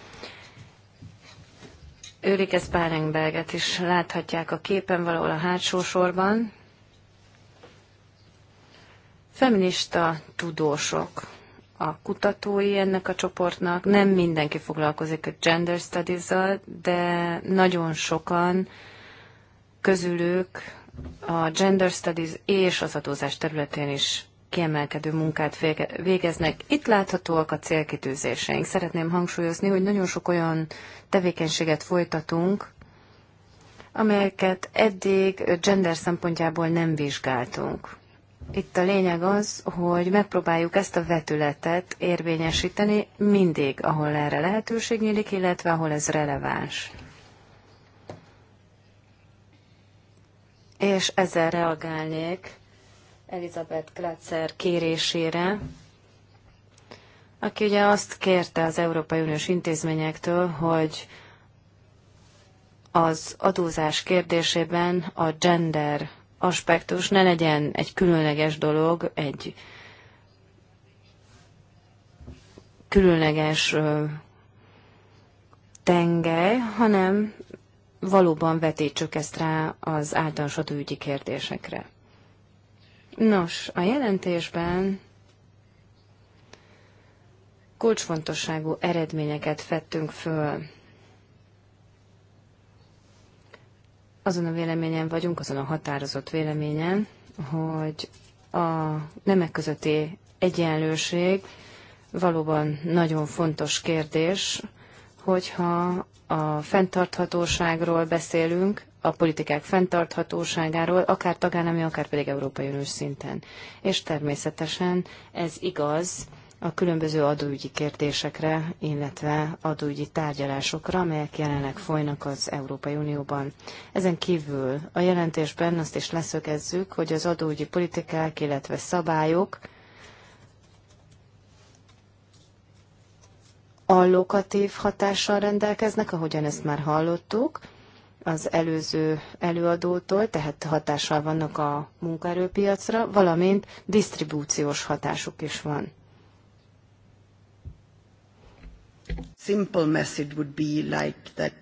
Őrike Sparenberget is láthatják a képen valahol a hátsó sorban. Feminista tudósok a kutatói ennek a csoportnak. Nem mindenki foglalkozik a gender studies de nagyon sokan közülük a gender studies és az adózás területén is kiemelkedő munkát végeznek. Itt láthatóak a célkitűzéseink. Szeretném hangsúlyozni, hogy nagyon sok olyan tevékenységet folytatunk, amelyeket eddig gender szempontjából nem vizsgáltunk. Itt a lényeg az, hogy megpróbáljuk ezt a vetületet érvényesíteni mindig, ahol erre lehetőség nyílik, illetve ahol ez releváns. És ezzel reagálnék Elizabeth Glatzer kérésére, aki ugye azt kérte az Európai Uniós intézményektől, hogy az adózás kérdésében a gender aspektus ne legyen egy különleges dolog, egy különleges tengely, hanem valóban vetítsük ezt rá az általános adóügyi kérdésekre. Nos, a jelentésben kulcsfontosságú eredményeket fettünk föl. Azon a véleményen vagyunk, azon a határozott véleményen, hogy a nemek közötti egyenlőség valóban nagyon fontos kérdés, hogyha a fenntarthatóságról beszélünk, a politikák fenntarthatóságáról, akár tagállami, akár pedig Európai Uniós szinten. És természetesen ez igaz a különböző adóügyi kérdésekre, illetve adóügyi tárgyalásokra, amelyek jelenleg folynak az Európai Unióban. Ezen kívül a jelentésben azt is leszögezzük, hogy az adóügyi politikák, illetve szabályok allokatív hatással rendelkeznek, ahogyan ezt már hallottuk, az előző előadótól, tehát hatással vannak a munkaerőpiacra, valamint disztribúciós hatásuk is van. Simple message would be like that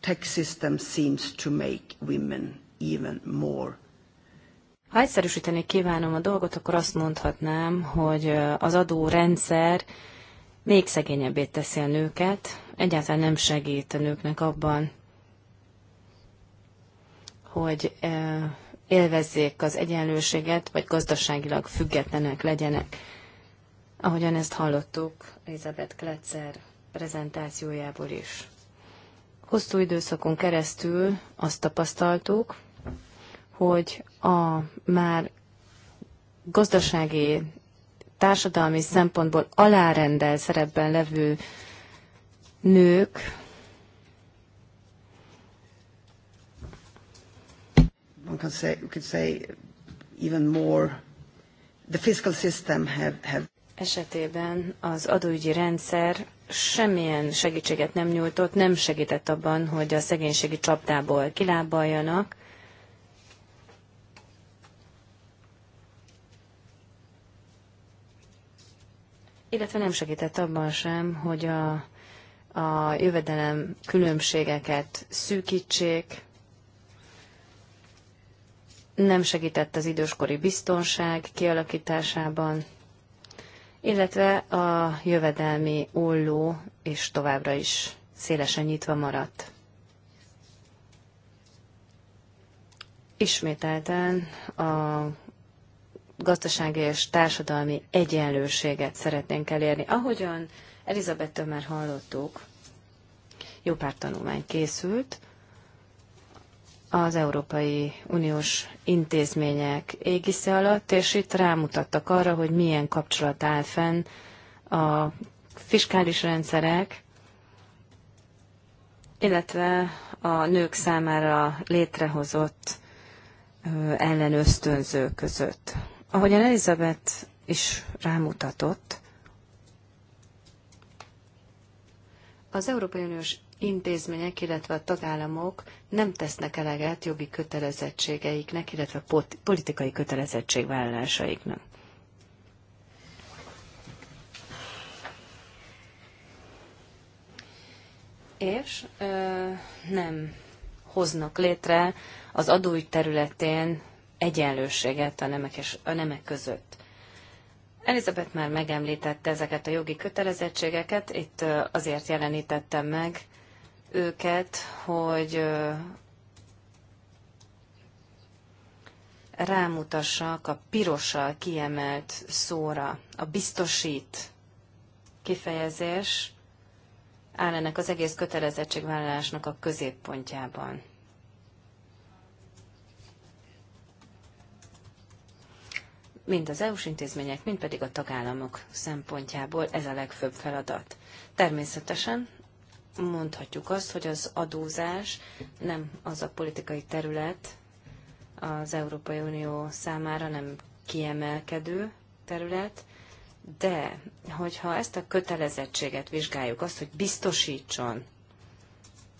tax system seems to make women even more ha egyszerűsíteni kívánom a dolgot, akkor azt mondhatnám, hogy az adórendszer még szegényebbé teszi a nőket, egyáltalán nem segít a nőknek abban, hogy eh, élvezzék az egyenlőséget, vagy gazdaságilag függetlenek legyenek. Ahogyan ezt hallottuk Elizabeth Kletzer prezentációjából is. Hosszú időszakon keresztül azt tapasztaltuk, hogy a már gazdasági, társadalmi szempontból alárendel szerepben levő nők one can say, could say even more, the fiscal system have, have esetében az adóügyi rendszer semmilyen segítséget nem nyújtott, nem segített abban, hogy a szegénységi csapdából kilábaljanak. Illetve nem segített abban sem, hogy a, a jövedelem különbségeket szűkítsék, nem segített az időskori biztonság kialakításában, illetve a jövedelmi olló és továbbra is szélesen nyitva maradt. Ismételten a gazdasági és társadalmi egyenlőséget szeretnénk elérni. Ahogyan Elizabettől már hallottuk, jó pár tanulmány készült, az Európai Uniós intézmények égisze alatt, és itt rámutattak arra, hogy milyen kapcsolat áll fenn a fiskális rendszerek, illetve a nők számára létrehozott ellenösztönző között. Ahogyan Elizabeth is rámutatott, az Európai Uniós intézmények, illetve a tagállamok nem tesznek eleget jogi kötelezettségeiknek, illetve politikai kötelezettségvállalásaiknak. És ö, nem hoznak létre az adóügy területén egyenlőséget a nemek, és a nemek között. Elizabeth már megemlítette ezeket a jogi kötelezettségeket, itt azért jelenítettem meg őket, hogy rámutassak a pirossal kiemelt szóra, a biztosít kifejezés áll ennek az egész kötelezettségvállalásnak a középpontjában. mind az EU-s intézmények, mind pedig a tagállamok szempontjából ez a legfőbb feladat. Természetesen mondhatjuk azt, hogy az adózás nem az a politikai terület az Európai Unió számára, nem kiemelkedő terület, de hogyha ezt a kötelezettséget vizsgáljuk, azt, hogy biztosítson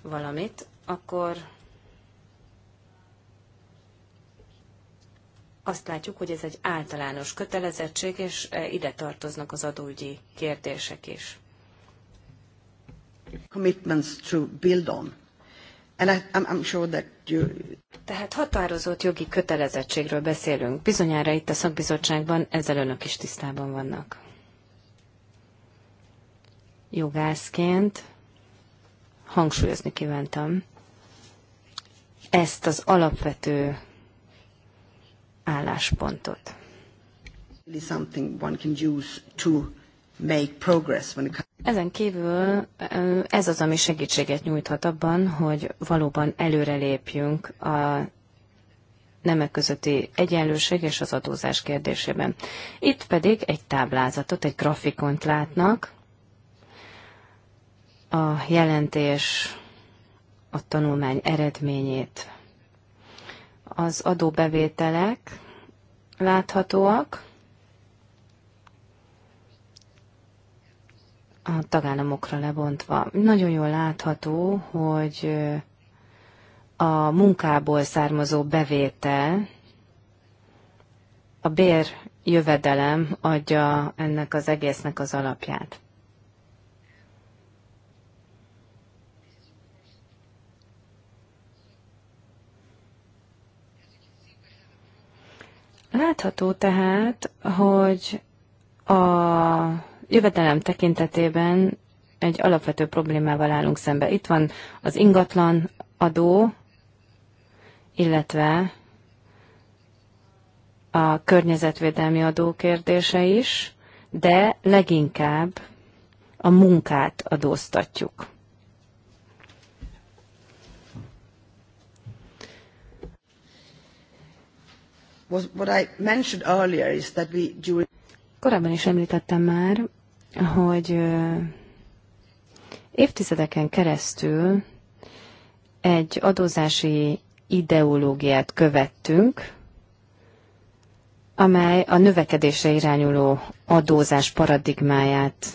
valamit, akkor azt látjuk, hogy ez egy általános kötelezettség, és ide tartoznak az adóügyi kérdések is. Commitments to build on. And I, I'm, I'm sure that you... Tehát határozott jogi kötelezettségről beszélünk. Bizonyára itt a szakbizottságban ezzel önök is tisztában vannak. Jogászként hangsúlyozni kívántam ezt az alapvető álláspontot. Something one can use to ezen kívül ez az, ami segítséget nyújthat abban, hogy valóban előrelépjünk a nemek közötti egyenlőség és az adózás kérdésében. Itt pedig egy táblázatot, egy grafikont látnak. A jelentés a tanulmány eredményét. Az adóbevételek láthatóak, a tagállamokra lebontva. Nagyon jól látható, hogy a munkából származó bevétel, a bér jövedelem adja ennek az egésznek az alapját. Látható tehát, hogy a jövedelem tekintetében egy alapvető problémával állunk szembe. Itt van az ingatlan adó, illetve a környezetvédelmi adó kérdése is, de leginkább a munkát adóztatjuk. Korábban is említettem már, hogy évtizedeken keresztül egy adózási ideológiát követtünk, amely a növekedésre irányuló adózás paradigmáját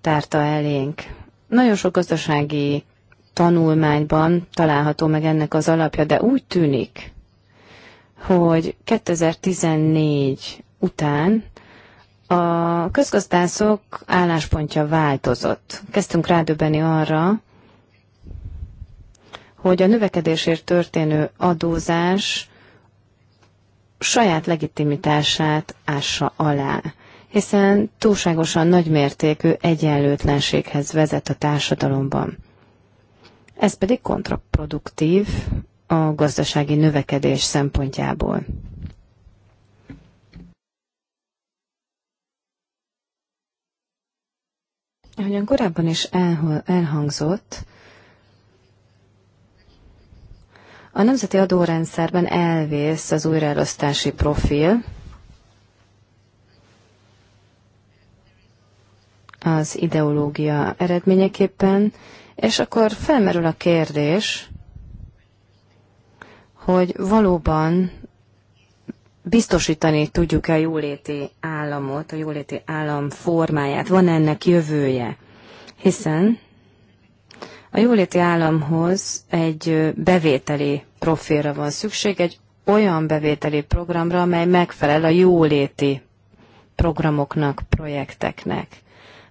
tárta elénk. Nagyon sok gazdasági tanulmányban található meg ennek az alapja, de úgy tűnik, hogy 2014 után a közgazdászok álláspontja változott. Kezdtünk rádöbbeni arra, hogy a növekedésért történő adózás saját legitimitását ássa alá, hiszen túlságosan nagymértékű egyenlőtlenséghez vezet a társadalomban. Ez pedig kontraproduktív a gazdasági növekedés szempontjából. Ahogyan korábban is elhangzott, a nemzeti adórendszerben elvész az újraelosztási profil, az ideológia eredményeképpen, és akkor felmerül a kérdés, hogy valóban biztosítani tudjuk-e a jóléti államot, a jóléti állam formáját, van -e ennek jövője? Hiszen a jóléti államhoz egy bevételi profilra van szükség, egy olyan bevételi programra, amely megfelel a jóléti programoknak, projekteknek,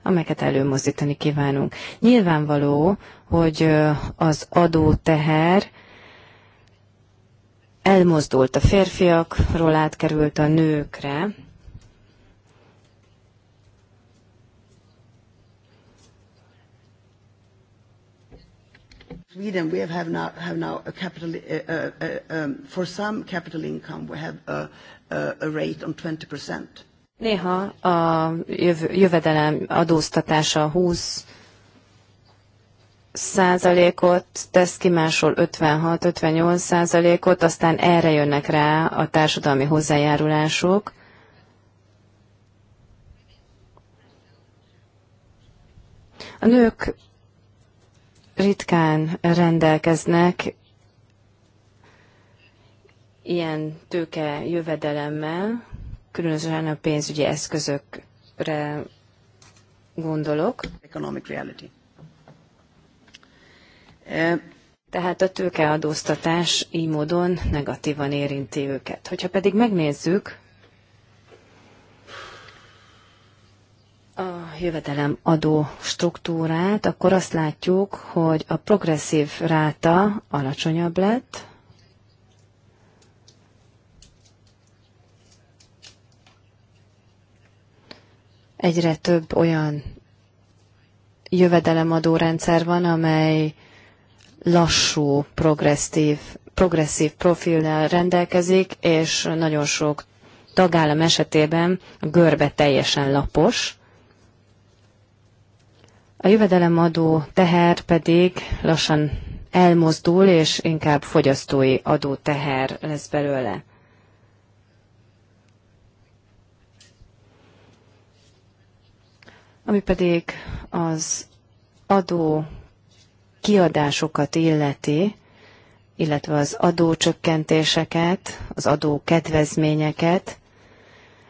amelyeket előmozdítani kívánunk. Nyilvánvaló, hogy az adóteher elmozdult a férfiakról, átkerült a nőkre. Sweden, we have, have now have now a capital uh, uh, uh um, for some capital income we have a, a, a rate on 20 percent. Néha a jövedelem adóztatása 20 százalékot tesz ki, máshol 56-58 százalékot, aztán erre jönnek rá a társadalmi hozzájárulások. A nők ritkán rendelkeznek ilyen tőke jövedelemmel, különösen a pénzügyi eszközökre gondolok. Economic reality. Tehát a tőkeadóztatás így módon negatívan érinti őket. Hogyha pedig megnézzük a jövedelem adó struktúrát, akkor azt látjuk, hogy a progresszív ráta alacsonyabb lett, egyre több olyan jövedelemadó rendszer van, amely lassú, progresszív, progresszív profilnál rendelkezik, és nagyon sok tagállam esetében a görbe teljesen lapos. A jövedelemadó teher pedig lassan elmozdul, és inkább fogyasztói adó teher lesz belőle. Ami pedig az adó kiadásokat illeti, illetve az adócsökkentéseket, az adókedvezményeket,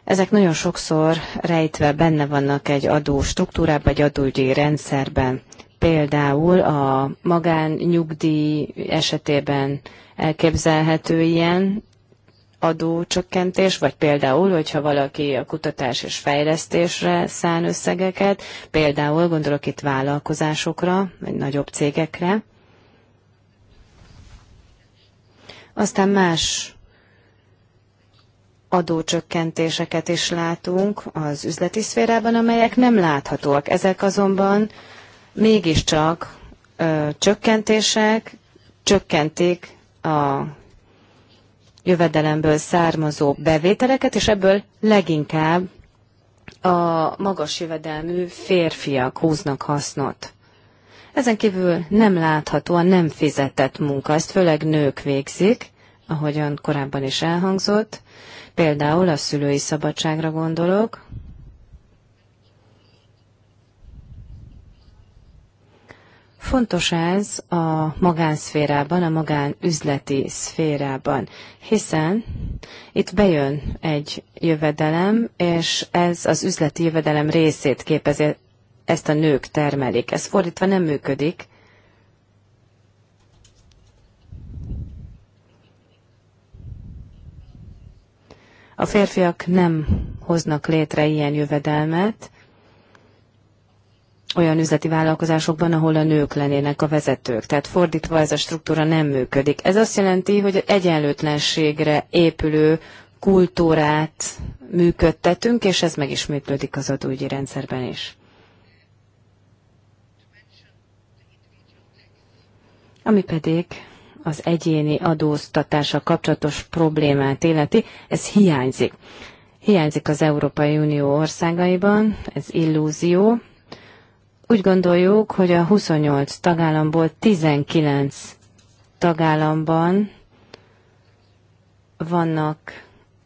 ezek nagyon sokszor rejtve benne vannak egy adó struktúrában, egy adógyi rendszerben. Például a magánnyugdíj esetében elképzelhető ilyen, adócsökkentés, vagy például, hogyha valaki a kutatás és fejlesztésre szán összegeket, például gondolok itt vállalkozásokra, vagy nagyobb cégekre. Aztán más adócsökkentéseket is látunk az üzleti szférában, amelyek nem láthatóak. Ezek azonban mégiscsak ö, csökkentések, csökkentik a jövedelemből származó bevételeket, és ebből leginkább a magas jövedelmű férfiak húznak hasznot. Ezen kívül nem látható a nem fizetett munka, ezt főleg nők végzik, ahogyan korábban is elhangzott, például a szülői szabadságra gondolok, Fontos ez a magánszférában, a magánüzleti szférában, hiszen itt bejön egy jövedelem, és ez az üzleti jövedelem részét képezi, ezt a nők termelik. Ez fordítva nem működik. A férfiak nem hoznak létre ilyen jövedelmet, olyan üzleti vállalkozásokban, ahol a nők lennének a vezetők. Tehát fordítva ez a struktúra nem működik. Ez azt jelenti, hogy egyenlőtlenségre épülő kultúrát működtetünk, és ez meg is működik az adóügyi rendszerben is. Ami pedig az egyéni adóztatása kapcsolatos problémát életi, ez hiányzik. Hiányzik az Európai Unió országaiban, ez illúzió, úgy gondoljuk, hogy a 28 tagállamból 19 tagállamban vannak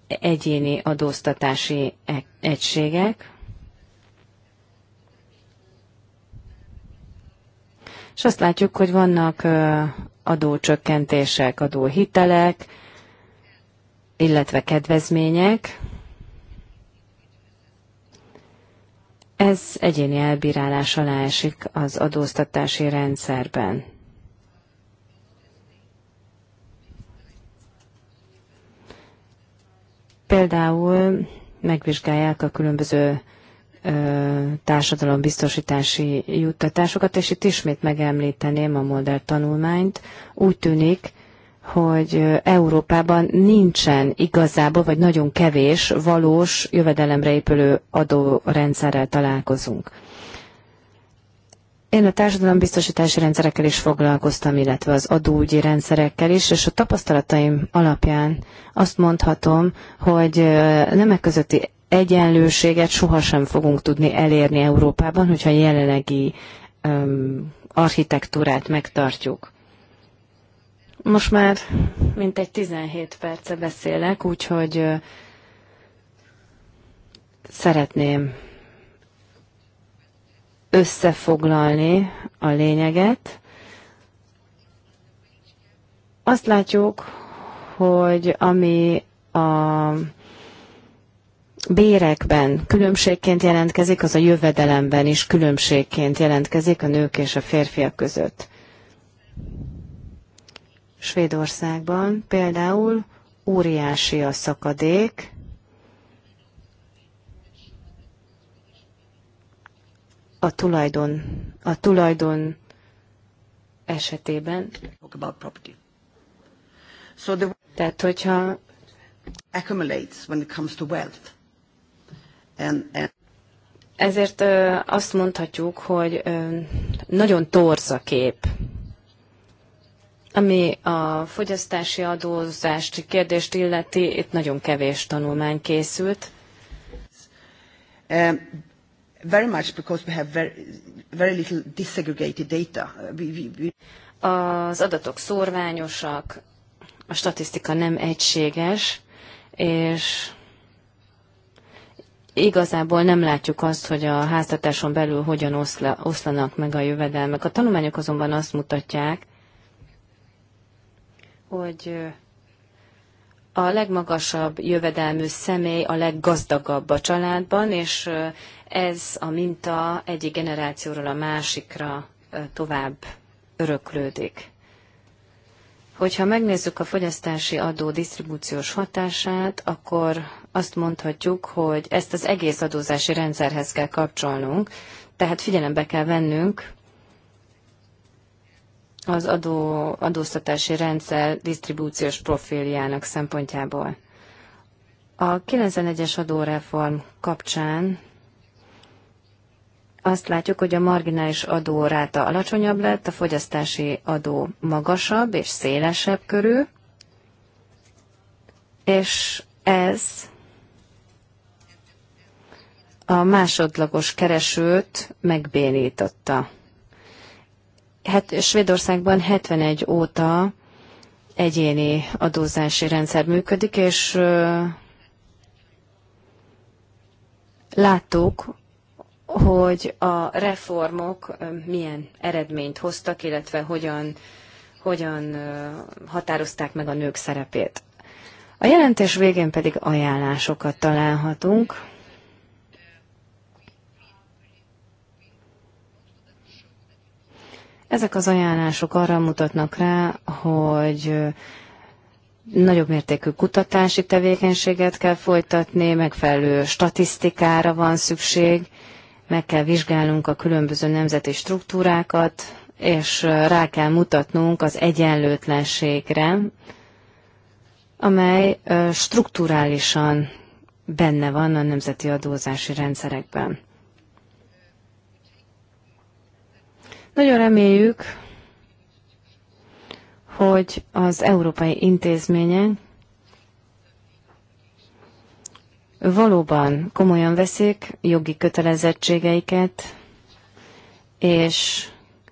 egyéni adóztatási egységek, és azt látjuk, hogy vannak adócsökkentések, adóhitelek, illetve kedvezmények, Ez egyéni elbírálás alá esik az adóztatási rendszerben. Például megvizsgálják a különböző társadalombiztosítási juttatásokat, és itt ismét megemlíteném a Molder tanulmányt. Úgy tűnik, hogy Európában nincsen igazából, vagy nagyon kevés valós jövedelemre épülő adórendszerrel találkozunk. Én a társadalombiztosítási rendszerekkel is foglalkoztam, illetve az adóügyi rendszerekkel is, és a tapasztalataim alapján azt mondhatom, hogy nemek közötti egyenlőséget sohasem fogunk tudni elérni Európában, hogyha jelenlegi um, architektúrát megtartjuk. Most már mintegy 17 perce beszélek, úgyhogy szeretném összefoglalni a lényeget. Azt látjuk, hogy ami a bérekben különbségként jelentkezik, az a jövedelemben is különbségként jelentkezik a nők és a férfiak között. Svédországban például óriási a szakadék, a tulajdon, a tulajdon esetében. So the Tehát, hogyha accumulates when it comes to wealth. And, and ezért ö, azt mondhatjuk, hogy ö, nagyon torz a kép. Ami a fogyasztási adózást kérdést illeti, itt nagyon kevés tanulmány készült. Um, very much because we have very, very little disaggregated data. We, we, we... Az adatok szorványosak, a statisztika nem egységes, és igazából nem látjuk azt, hogy a háztartáson belül hogyan oszla, oszlanak meg a jövedelmek. A tanulmányok azonban azt mutatják, hogy a legmagasabb jövedelmű személy a leggazdagabb a családban, és ez a minta egyik generációról a másikra tovább öröklődik. Hogyha megnézzük a fogyasztási adó disztribúciós hatását, akkor azt mondhatjuk, hogy ezt az egész adózási rendszerhez kell kapcsolnunk, tehát figyelembe kell vennünk az adó, adóztatási rendszer disztribúciós profiljának szempontjából. A 91-es adóreform kapcsán azt látjuk, hogy a marginális ráta alacsonyabb lett, a fogyasztási adó magasabb és szélesebb körül, és ez a másodlagos keresőt megbénította. Hát Svédországban 71 óta egyéni adózási rendszer működik, és láttuk, hogy a reformok milyen eredményt hoztak, illetve hogyan, hogyan határozták meg a nők szerepét. A jelentés végén pedig ajánlásokat találhatunk. Ezek az ajánlások arra mutatnak rá, hogy nagyobb mértékű kutatási tevékenységet kell folytatni, megfelelő statisztikára van szükség, meg kell vizsgálnunk a különböző nemzeti struktúrákat, és rá kell mutatnunk az egyenlőtlenségre, amely strukturálisan benne van a nemzeti adózási rendszerekben. Nagyon reméljük, hogy az európai intézmények valóban komolyan veszik jogi kötelezettségeiket, és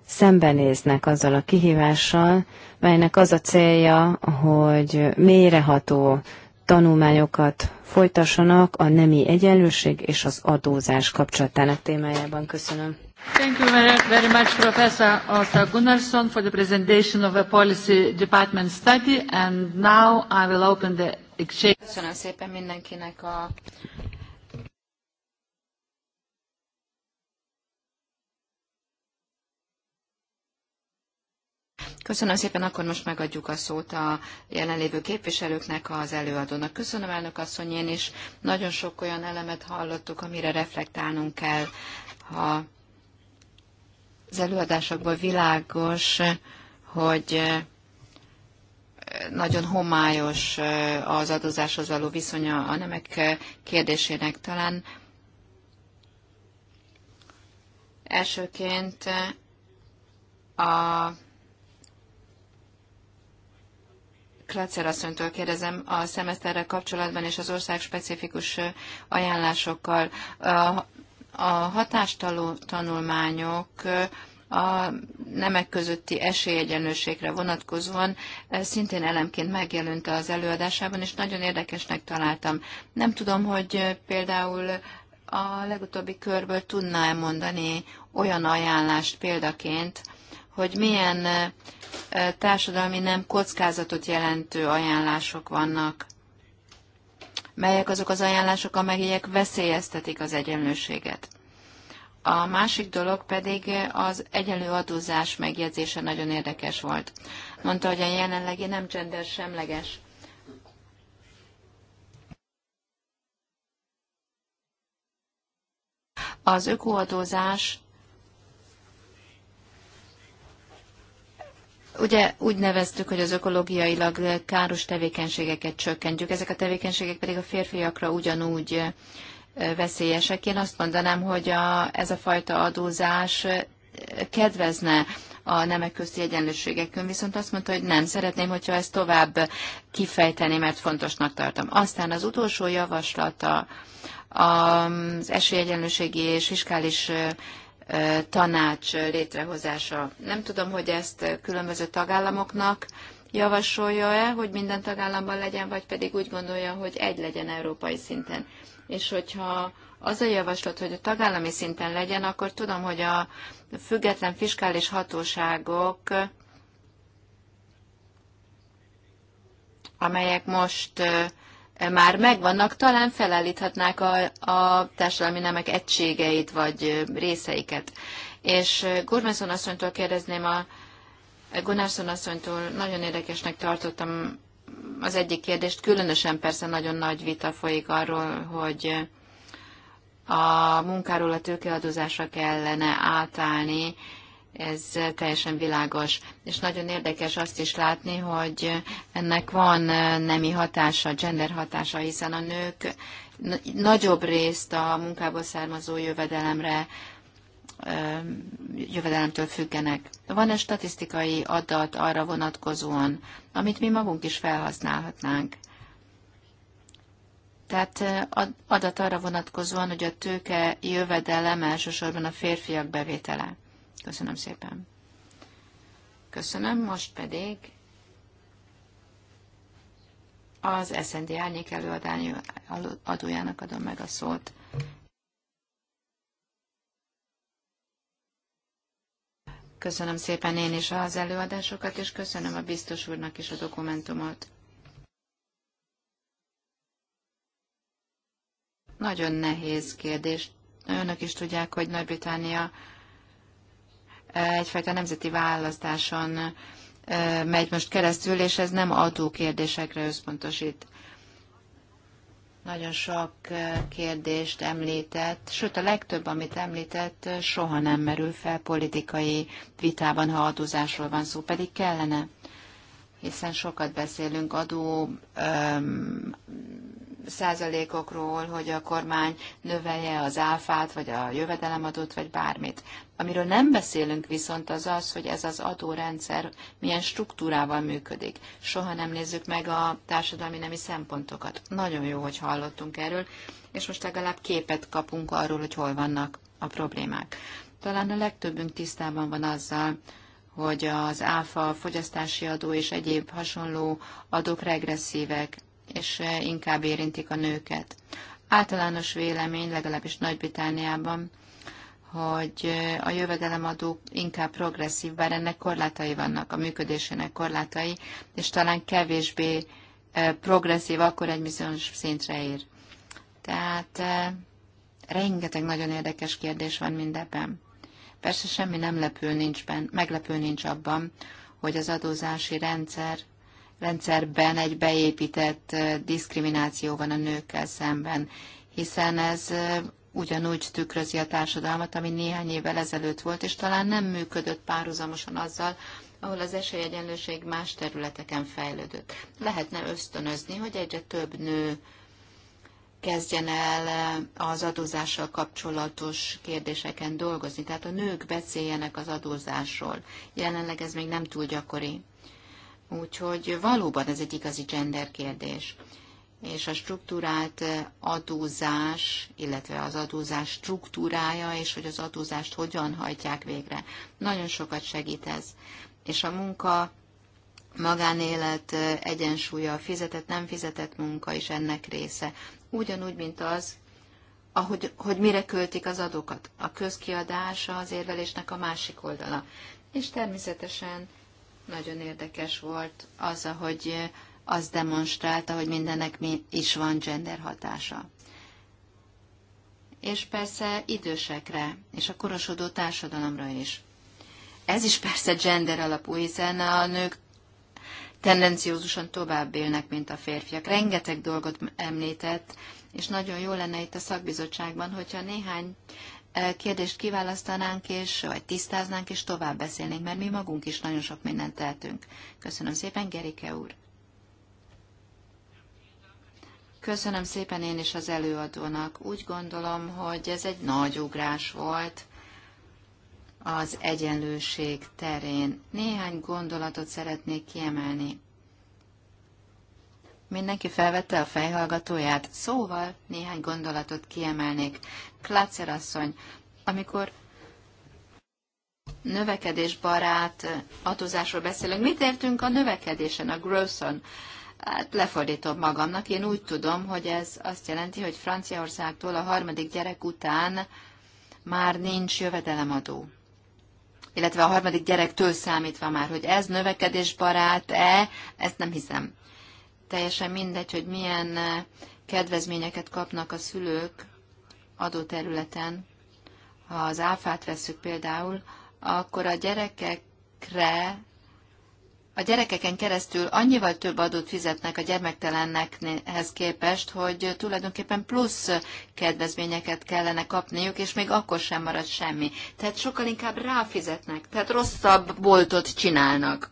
szembenéznek azzal a kihívással, melynek az a célja, hogy mélyreható tanulmányokat folytassanak a nemi egyenlőség és az adózás kapcsolatának témájában. Köszönöm. Thank you very much, Professor Gunnarsson, for the presentation of a policy department study, and now I will open the exchange. Köszönöm szépen mindenkinek Köszönöm szépen, akkor most megadjuk a szót a jelenlévő képviselőknek, az előadónak. Köszönöm, elnök asszony, én is nagyon sok olyan elemet hallottuk, amire reflektálnunk kell, ha az előadásokból világos, hogy nagyon homályos az adózáshoz való viszonya a nemek kérdésének. Talán elsőként a Klácer asszonytól kérdezem a szemeszterrel kapcsolatban és az ország specifikus ajánlásokkal a hatástanulmányok a nemek közötti esélyegyenlőségre vonatkozóan eh, szintén elemként megjelent az előadásában, és nagyon érdekesnek találtam. Nem tudom, hogy eh, például a legutóbbi körből tudná -e mondani olyan ajánlást példaként, hogy milyen eh, társadalmi nem kockázatot jelentő ajánlások vannak melyek azok az ajánlások, amelyek veszélyeztetik az egyenlőséget. A másik dolog pedig az egyenlő adózás megjegyzése nagyon érdekes volt. Mondta, hogy a jelenlegi nem gender semleges. Az ökoadózás Ugye úgy neveztük, hogy az ökológiailag káros tevékenységeket csökkentjük, ezek a tevékenységek pedig a férfiakra ugyanúgy veszélyesek. Én azt mondanám, hogy a, ez a fajta adózás kedvezne a nemek közti egyenlőségekön, viszont azt mondta, hogy nem, szeretném, hogyha ezt tovább kifejteni, mert fontosnak tartom. Aztán az utolsó javaslata az esélyegyenlőségi és fiskális tanács létrehozása. Nem tudom, hogy ezt különböző tagállamoknak javasolja-e, hogy minden tagállamban legyen, vagy pedig úgy gondolja, hogy egy legyen európai szinten. És hogyha az a javaslat, hogy a tagállami szinten legyen, akkor tudom, hogy a független fiskális hatóságok, amelyek most E, már megvannak, talán felállíthatnák a, a társadalmi nemek egységeit vagy részeiket. És Gurmanson asszonytól kérdezném a e, Gunnarsson asszonytól nagyon érdekesnek tartottam az egyik kérdést, különösen persze nagyon nagy vita folyik arról, hogy a munkáról a tőkeadózásra kellene átállni, ez teljesen világos. És nagyon érdekes azt is látni, hogy ennek van eh, nemi hatása, gender hatása, hiszen a nők nagyobb részt a munkából származó jövedelemre eh, jövedelemtől függenek. Van-e statisztikai adat arra vonatkozóan, amit mi magunk is felhasználhatnánk? Tehát eh, adat arra vonatkozóan, hogy a tőke jövedelem elsősorban a férfiak bevétele. Köszönöm szépen. Köszönöm, most pedig az SND árnyék előadány adójának adom meg a szót. Köszönöm szépen én is az előadásokat, és köszönöm a biztos úrnak is a dokumentumot. Nagyon nehéz kérdés. Önök is tudják, hogy Nagy-Britannia egyfajta nemzeti választáson megy most keresztül, és ez nem adó kérdésekre összpontosít. Nagyon sok kérdést említett, sőt a legtöbb, amit említett, soha nem merül fel politikai vitában, ha adózásról van szó, pedig kellene hiszen sokat beszélünk adó öm, százalékokról, hogy a kormány növelje az áfát, vagy a jövedelemadót, vagy bármit. Amiről nem beszélünk viszont az az, hogy ez az adórendszer milyen struktúrával működik. Soha nem nézzük meg a társadalmi nemi szempontokat. Nagyon jó, hogy hallottunk erről, és most legalább képet kapunk arról, hogy hol vannak a problémák. Talán a legtöbbünk tisztában van azzal, hogy az áfa, fogyasztási adó és egyéb hasonló adók regresszívek, és eh, inkább érintik a nőket. Általános vélemény, legalábbis Nagy-Britániában, hogy eh, a jövedelemadó inkább progresszív, bár ennek korlátai vannak, a működésének korlátai, és talán kevésbé eh, progresszív, akkor egy bizonyos szintre ér. Tehát rengeteg nagyon érdekes kérdés van mindebben. Persze semmi nem lepő nincs ben, meglepő nincs abban, hogy az adózási rendszer rendszerben egy beépített diszkrimináció van a nőkkel szemben, hiszen ez ugyanúgy tükrözi a társadalmat, ami néhány évvel ezelőtt volt, és talán nem működött párhuzamosan azzal, ahol az esélyegyenlőség más területeken fejlődött. Lehetne ösztönözni, hogy egyre több nő kezdjen el az adózással kapcsolatos kérdéseken dolgozni. Tehát a nők beszéljenek az adózásról. Jelenleg ez még nem túl gyakori. Úgyhogy valóban ez egy igazi gender kérdés. És a struktúrált adózás, illetve az adózás struktúrája, és hogy az adózást hogyan hajtják végre. Nagyon sokat segít ez. És a munka magánélet egyensúlya, fizetett, nem fizetett munka is ennek része. Ugyanúgy, mint az, ahogy, hogy mire költik az adókat. A közkiadása az érvelésnek a másik oldala. És természetesen nagyon érdekes volt az, hogy eh, az demonstrálta, hogy mindennek is van gender hatása. És persze idősekre, és a korosodó társadalomra is. Ez is persze gender alapú, hiszen a nők tendenciózusan tovább élnek, mint a férfiak. Rengeteg dolgot említett, és nagyon jó lenne itt a szakbizottságban, hogyha néhány kérdést kiválasztanánk, és, vagy tisztáznánk, és tovább beszélnénk, mert mi magunk is nagyon sok mindent tehetünk. Köszönöm szépen, Gerike úr! Köszönöm szépen én is az előadónak. Úgy gondolom, hogy ez egy nagy ugrás volt az egyenlőség terén. Néhány gondolatot szeretnék kiemelni. Mindenki felvette a fejhallgatóját, szóval néhány gondolatot kiemelnék. Klácer asszony, amikor növekedésbarát adózásról beszélünk, mit értünk a növekedésen, a grosson? Hát lefordítom magamnak, én úgy tudom, hogy ez azt jelenti, hogy Franciaországtól a harmadik gyerek után már nincs jövedelemadó illetve a harmadik gyerektől számítva már, hogy ez növekedésbarát-e, ezt nem hiszem teljesen mindegy, hogy milyen eh, kedvezményeket kapnak a szülők adóterületen. Ha az áfát veszük például, akkor a gyerekekre, a gyerekeken keresztül annyival több adót fizetnek a gyermekteleneknehez képest, hogy tulajdonképpen plusz kedvezményeket kellene kapniuk, és még akkor sem marad semmi. Tehát sokkal inkább ráfizetnek, tehát rosszabb boltot csinálnak.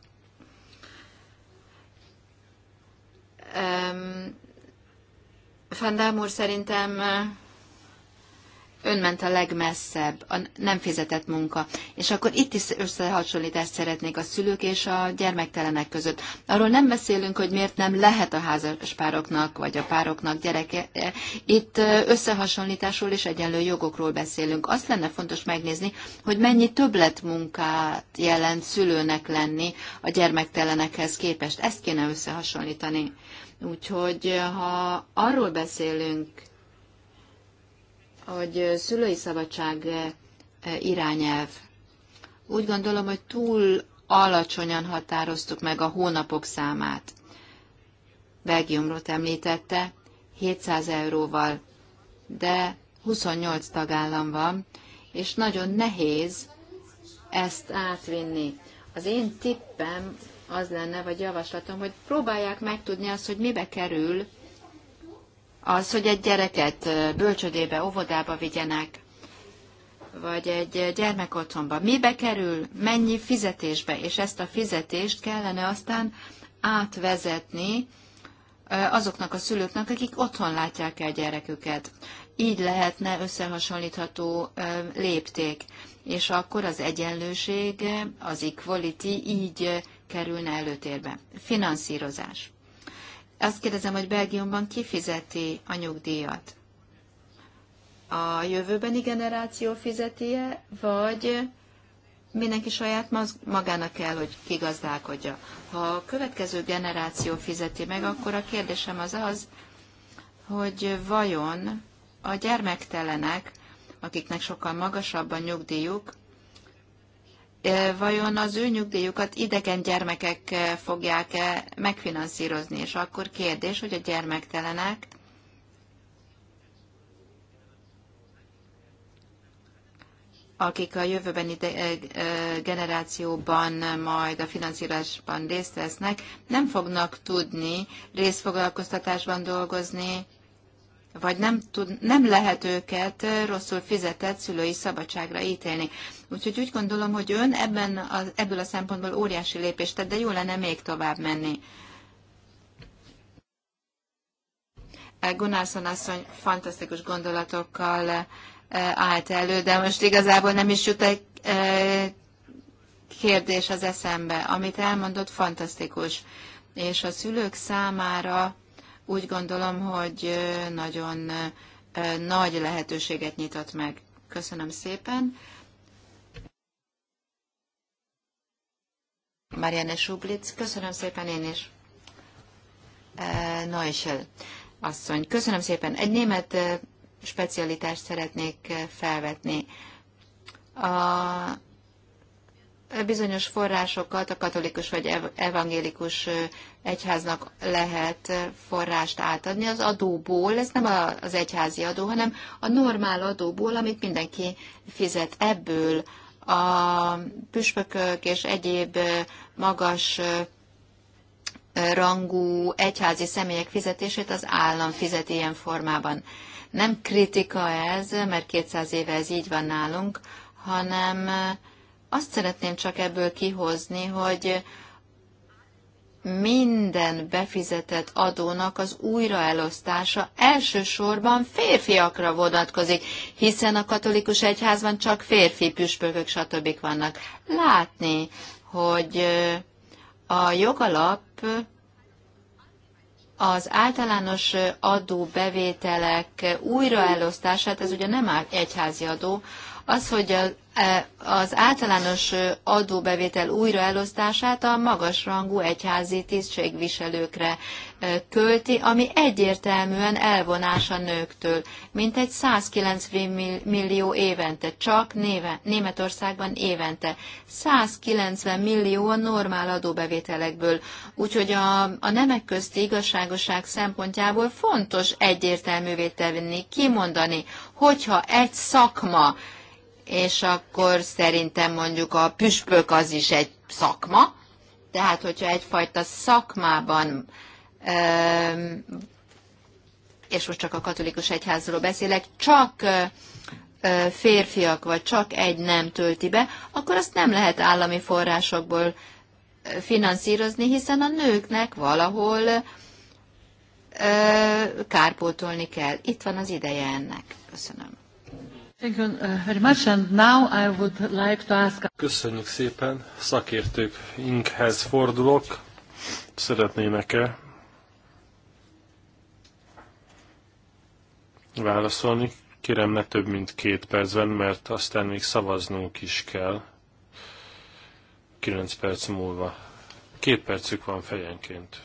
Van Dámúr szerintem ön ment a legmesszebb, a nem fizetett munka. És akkor itt is összehasonlítást szeretnék a szülők és a gyermektelenek között. Arról nem beszélünk, hogy miért nem lehet a házaspároknak, vagy a pároknak gyereke. Itt összehasonlításról és egyenlő jogokról beszélünk. Azt lenne fontos megnézni, hogy mennyi többletmunkát jelent szülőnek lenni a gyermektelenekhez képest. Ezt kéne összehasonlítani. Úgyhogy ha arról beszélünk, hogy szülői szabadság eh, eh, irányelv. Úgy gondolom, hogy túl alacsonyan határoztuk meg a hónapok számát. Belgiumról említette, 700 euróval, de 28 tagállam van, és nagyon nehéz ezt átvinni. Az én tippem az lenne, vagy javaslatom, hogy próbálják megtudni azt, hogy mibe kerül az, hogy egy gyereket bölcsödébe, óvodába vigyenek, vagy egy gyermekotthonba. Mibe kerül, mennyi fizetésbe, és ezt a fizetést kellene aztán átvezetni azoknak a szülőknek, akik otthon látják el gyereküket. Így lehetne összehasonlítható lépték, és akkor az egyenlőség, az equality így kerülne előtérbe. Finanszírozás. Azt kérdezem, hogy Belgiumban kifizeti a nyugdíjat? A jövőbeni generáció fizeti-e, vagy mindenki saját magának kell, hogy kigazdálkodja. Ha a következő generáció fizeti meg, akkor a kérdésem az az, hogy vajon a gyermektelenek, akiknek sokkal magasabb a nyugdíjuk, vajon az ő nyugdíjukat idegen gyermekek fogják-e megfinanszírozni, és akkor kérdés, hogy a gyermektelenek akik a jövőbeni generációban majd a finanszírozásban részt vesznek, nem fognak tudni részfoglalkoztatásban dolgozni, vagy nem, tud, nem lehet őket rosszul fizetett szülői szabadságra ítélni. Úgyhogy úgy gondolom, hogy ön ebben a, ebből a szempontból óriási lépést tett, de jó lenne még tovább menni. Gunnarsson asszony fantasztikus gondolatokkal eh, állt elő, de most igazából nem is jut egy eh, kérdés az eszembe. Amit elmondott, fantasztikus. És a szülők számára úgy gondolom, hogy nagyon nagy lehetőséget nyitott meg. Köszönöm szépen. Marianne Sublitz, köszönöm szépen én is. Neusel asszony, köszönöm szépen. Egy német specialitást szeretnék felvetni. A bizonyos forrásokat a katolikus vagy evangélikus egyháznak lehet forrást átadni az adóból, ez nem az egyházi adó, hanem a normál adóból, amit mindenki fizet ebből a püspökök és egyéb magas rangú egyházi személyek fizetését az állam fizet ilyen formában. Nem kritika ez, mert 200 éve ez így van nálunk, hanem azt szeretném csak ebből kihozni, hogy minden befizetett adónak az újraelosztása elsősorban férfiakra vonatkozik, hiszen a katolikus egyházban csak férfi püspökök, stb. vannak. Látni, hogy a jogalap az általános adóbevételek újraelosztását, ez ugye nem egyházi adó, az, hogy e, az általános adóbevétel újraelosztását a magasrangú egyházi tisztségviselőkre költi, ami egyértelműen elvonás a nőktől, mint egy 190 millió évente, csak néve, Németországban évente. 190 millió a normál adóbevételekből, úgyhogy a, a nemek közti igazságoság szempontjából fontos egyértelművé tenni, kimondani, hogyha egy szakma, és akkor szerintem mondjuk a püspök az is egy szakma, tehát hogyha egyfajta szakmában és most csak a katolikus egyházról beszélek, csak férfiak vagy csak egy nem tölti be, akkor azt nem lehet állami forrásokból finanszírozni, hiszen a nőknek valahol kárpótolni kell. Itt van az ideje ennek. Köszönöm. Köszönjük szépen. Szakértőinkhez fordulok. Szeretnének-e válaszolni. Kérem, ne több mint két percben, mert aztán még szavaznunk is kell. Kilenc perc múlva. Két percük van fejenként.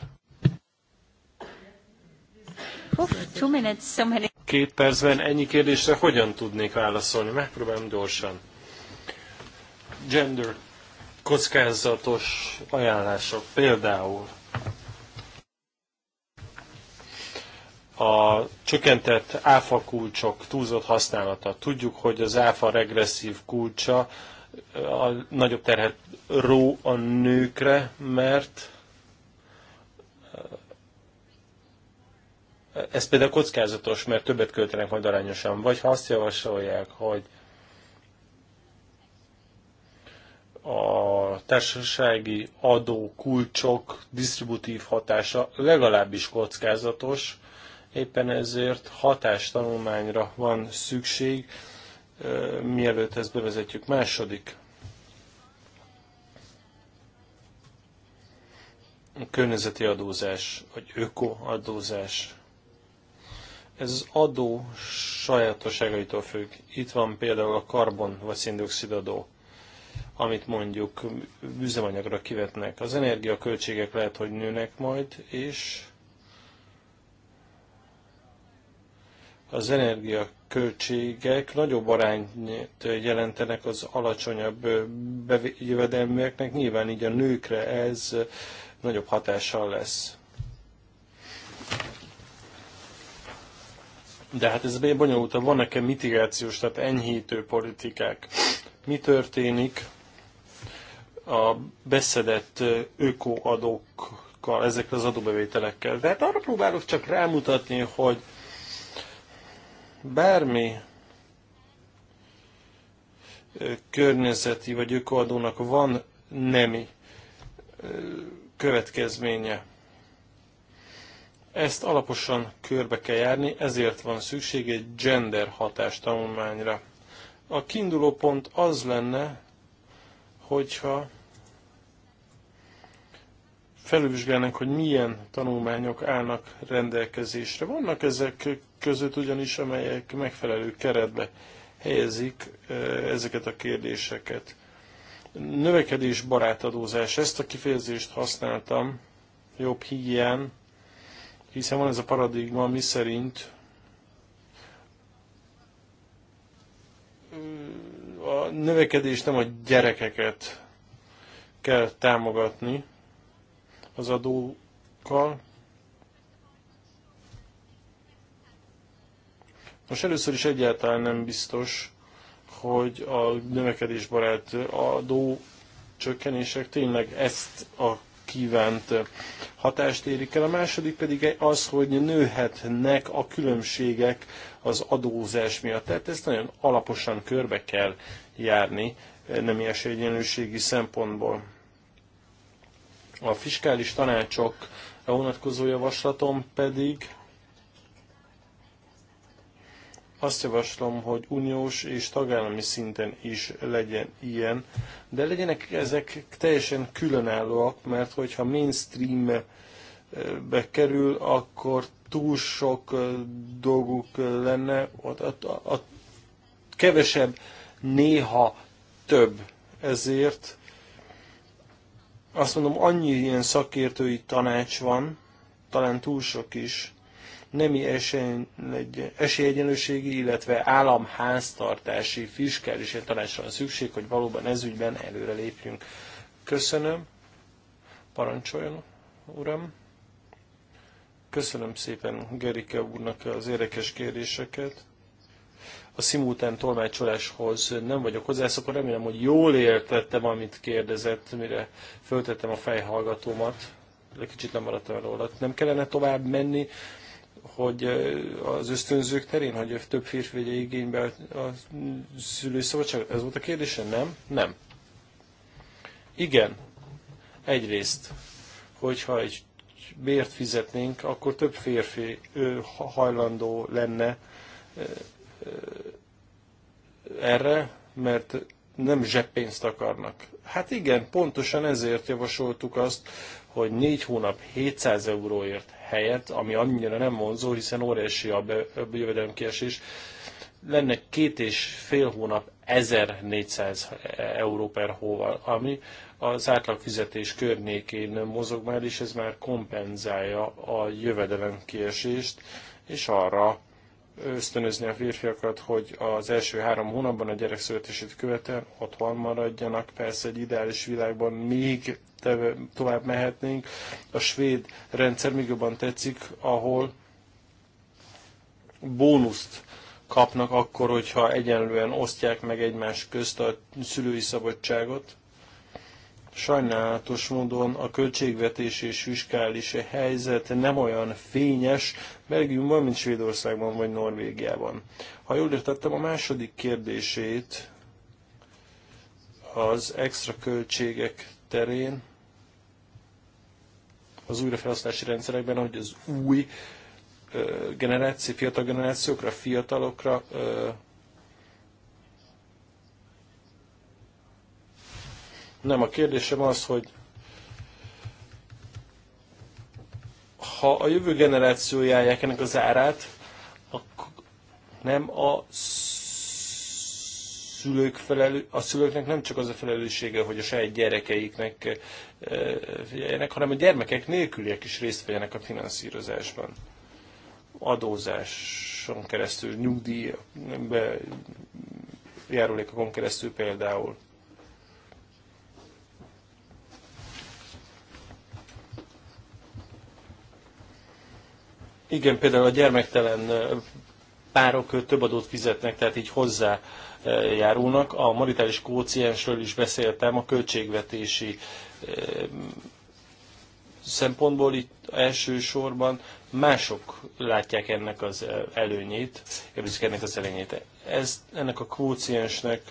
Két percben ennyi kérdésre hogyan tudnék válaszolni? Megpróbálom gyorsan. Gender kockázatos ajánlások például a csökkentett áfa kulcsok túlzott használata. Tudjuk, hogy az áfa regresszív kulcsa a nagyobb terhet ró a nőkre, mert ez például kockázatos, mert többet költenek majd arányosan. Vagy ha azt javasolják, hogy a társasági adó kulcsok disztributív hatása legalábbis kockázatos, Éppen ezért hatástanulmányra van szükség, mielőtt ezt bevezetjük. Második a környezeti adózás, vagy ökoadózás. Ez az adó sajátosságaitól függ. Itt van például a karbon vagy szindioxid adó, amit mondjuk üzemanyagra kivetnek. Az energiaköltségek lehet, hogy nőnek majd, és az energiaköltségek nagyobb arányt jelentenek az alacsonyabb jövedelműeknek, nyilván így a nőkre ez nagyobb hatással lesz. De hát ez bonyolultabb. Van nekem mitigációs, tehát enyhítő politikák. Mi történik a beszedett ökoadókkal, ezekkel az adóbevételekkel? hát arra próbálok csak rámutatni, hogy bármi környezeti vagy ökoadónak van nemi következménye. Ezt alaposan körbe kell járni, ezért van szükség egy gender hatás tanulmányra. A kiinduló pont az lenne, hogyha felülvizsgálnánk, hogy milyen tanulmányok állnak rendelkezésre. Vannak ezek között ugyanis, amelyek megfelelő keretbe helyezik ezeket a kérdéseket. Növekedés barátadózás, ezt a kifejezést használtam jobb higién. hiszen van ez a paradigma, mi szerint a növekedés nem a gyerekeket kell támogatni az adókkal, Most először is egyáltalán nem biztos, hogy a növekedésbarát adó csökkenések tényleg ezt a kívánt hatást érik el. A második pedig az, hogy nőhetnek a különbségek az adózás miatt. Tehát ezt nagyon alaposan körbe kell járni nemi esélyegyenlőségi szempontból. A fiskális tanácsok vonatkozó javaslatom pedig azt javaslom, hogy uniós és tagállami szinten is legyen ilyen, de legyenek ezek teljesen különállóak, mert hogyha mainstreambe kerül, akkor túl sok dolguk lenne, a, a, a kevesebb, néha több. Ezért azt mondom, annyi ilyen szakértői tanács van, talán túl sok is, nemi esély, esélyegyenlőségi, illetve államháztartási fiskális tanácsra van szükség, hogy valóban ez ügyben előre lépjünk. Köszönöm. Parancsoljon, uram. Köszönöm szépen Gerike úrnak az érdekes kérdéseket. A szimultán tolmácsoláshoz nem vagyok hozzászokva, remélem, hogy jól értettem, amit kérdezett, mire föltettem a fejhallgatómat. Kicsit lemaradtam róla. Nem kellene tovább menni hogy az ösztönzők terén, hogy több férfi vegye igénybe a szülőszabadság? Ez volt a kérdése? Nem? Nem. Igen. Egyrészt, hogyha egy bért fizetnénk, akkor több férfi hajlandó lenne erre, mert nem zseppénzt akarnak. Hát igen, pontosan ezért javasoltuk azt, hogy négy hónap 700 euróért helyet, ami annyira nem vonzó, hiszen óriási a jövedelemkiesés. Lenne két és fél hónap 1400 euró per hóval, ami az átlagfizetés környékén mozog már, és ez már kompenzálja a jövedelemkiesést, és arra ösztönözni a férfiakat, hogy az első három hónapban a gyerek születését követően otthon maradjanak. Persze egy ideális világban még tovább mehetnénk. A svéd rendszer még jobban tetszik, ahol bónuszt kapnak akkor, hogyha egyenlően osztják meg egymás közt a szülői szabadságot. Sajnálatos módon a költségvetés és fiskális helyzet nem olyan fényes Belgiumban, mint Svédországban vagy Norvégiában. Ha jól értettem, a második kérdését az extra költségek terén az újrafelhasználási rendszerekben, hogy az új generáció, fiatal generációkra, fiatalokra Nem, a kérdésem az, hogy ha a jövő generációjáják ennek az árát, akkor nem a szülők felelő, a szülőknek nem csak az a felelőssége, hogy a saját gyerekeiknek eh, figyeljenek, hanem a gyermekek nélküliek is részt vegyenek a finanszírozásban. Adózáson keresztül, nyugdíj, járulékokon keresztül például. Igen, például a gyermektelen párok több adót fizetnek, tehát így hozzá járulnak. A maritális kóciensről is beszéltem, a költségvetési szempontból itt elsősorban mások látják ennek az előnyét, érzik ennek az előnyét. Ez, ennek a kóciensnek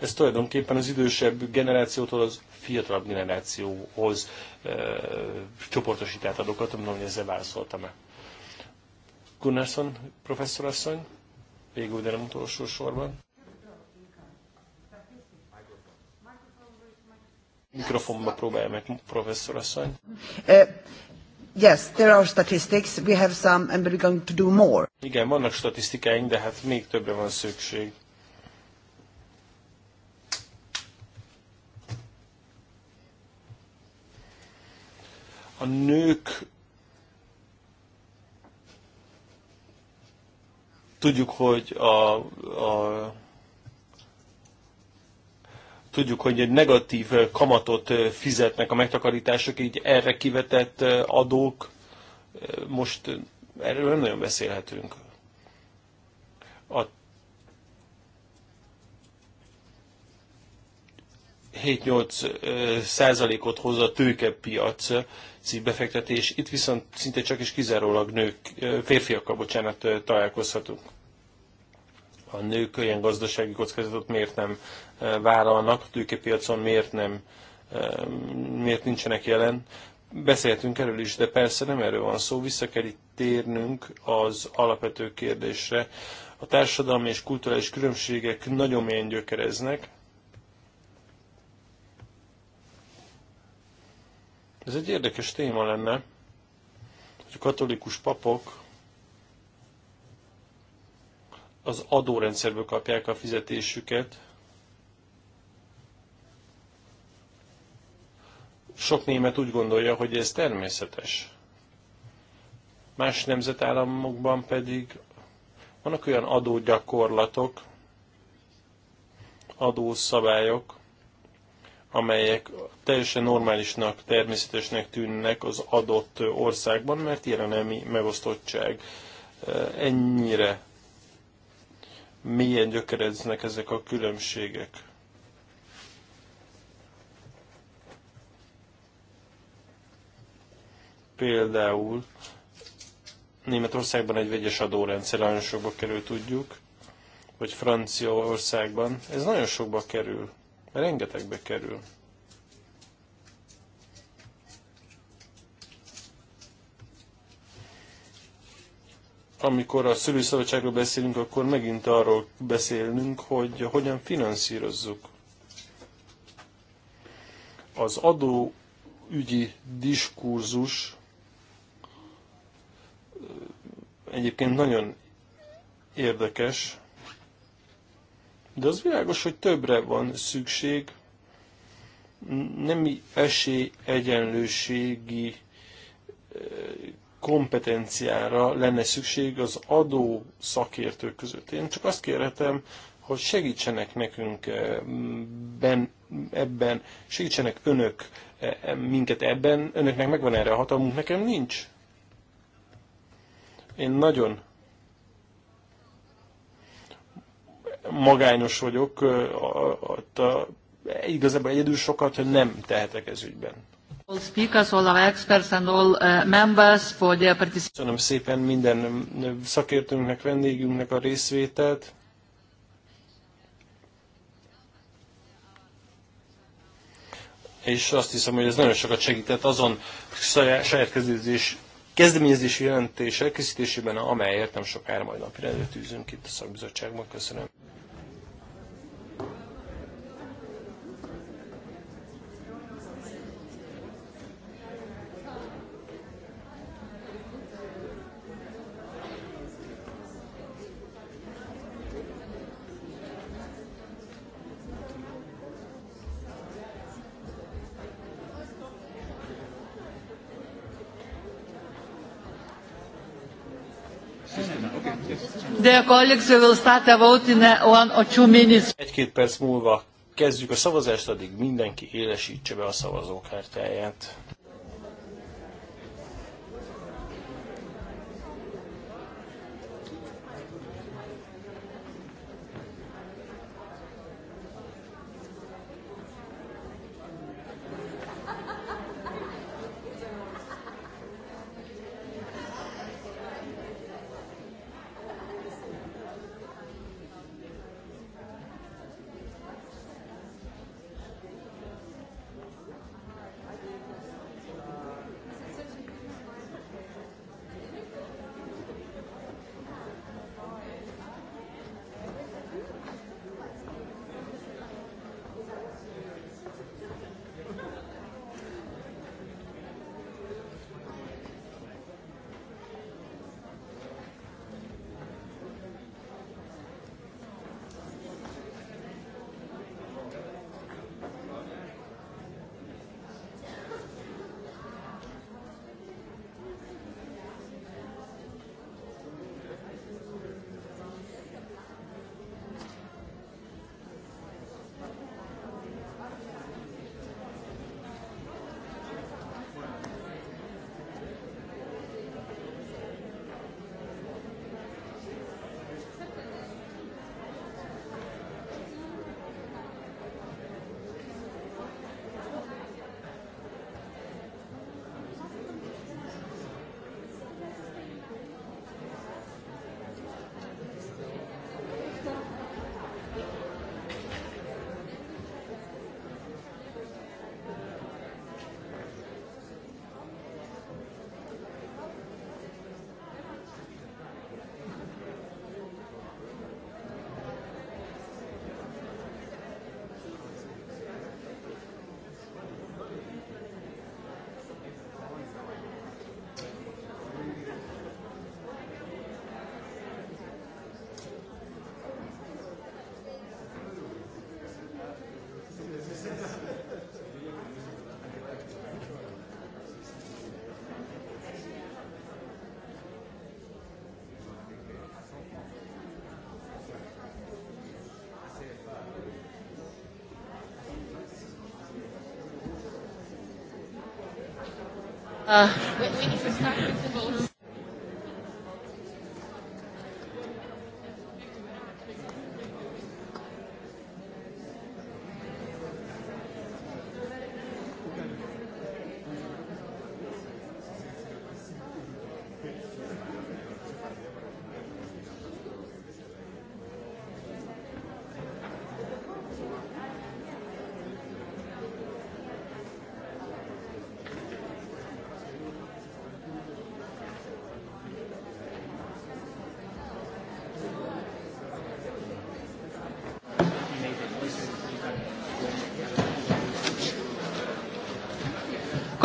ez tulajdonképpen az idősebb generációtól az fiatalabb generációhoz csoportosítát adokat, mondom, hogy ezzel válaszoltam-e. Gunnarsson professzorasszony, végül, de nem utolsó sorban. Mikrofonba próbálja meg, professzorasszony. Uh, yes, there are statistics. We have some and we're going to do more. Igen, vannak statisztikáink, de hát még többre van szükség. a nők tudjuk, hogy a, a tudjuk, hogy egy negatív kamatot fizetnek a megtakarítások, így erre kivetett adók, most erről nem nagyon beszélhetünk. A 7-8 százalékot hoz a tőkepiac befektetés. Itt viszont szinte csak is kizárólag nők, férfiakkal, bocsánat, találkozhatunk. A nők olyan gazdasági kockázatot miért nem vállalnak, a tőkepiacon miért nem miért nincsenek jelen. Beszéltünk erről is, de persze nem erről van szó, vissza kell itt térnünk az alapvető kérdésre. A társadalmi és kulturális különbségek nagyon mélyen gyökereznek, Ez egy érdekes téma lenne, hogy a katolikus papok az adórendszerből kapják a fizetésüket. Sok német úgy gondolja, hogy ez természetes. Más nemzetállamokban pedig vannak olyan adógyakorlatok, adószabályok, amelyek teljesen normálisnak, természetesnek tűnnek az adott országban, mert ilyen a nemi megosztottság. Ennyire mélyen gyökereznek ezek a különbségek. Például Németországban egy vegyes adórendszer nagyon sokba kerül, tudjuk, vagy Franciaországban. Ez nagyon sokba kerül rengetegbe kerül. Amikor a szülőszabadságról beszélünk, akkor megint arról beszélünk, hogy hogyan finanszírozzuk. Az adóügyi diskurzus egyébként nagyon érdekes, de az világos, hogy többre van szükség, nemi egyenlőségi eh, kompetenciára lenne szükség az adó szakértők között. Én csak azt kérhetem, hogy segítsenek nekünk eh, ben, ebben, segítsenek önök eh, minket ebben, önöknek megvan erre a hatalmunk, nekem nincs. Én nagyon magányos vagyok, a igazából egyedül sokat hogy nem tehetek ez ügyben. Köszönöm szépen minden szakértőnknek, vendégünknek a részvételt. És azt hiszem, hogy ez nagyon sokat segített azon saját kezdődés, kezdeményezési jelentés elkészítésében, amelyért nem sokára majd napirendre tűzünk itt a szakbizottságban. Köszönöm. Uh, Egy-két perc múlva kezdjük a szavazást, addig mindenki élesítse be a szavazókártyáját. Uh, we, we need to start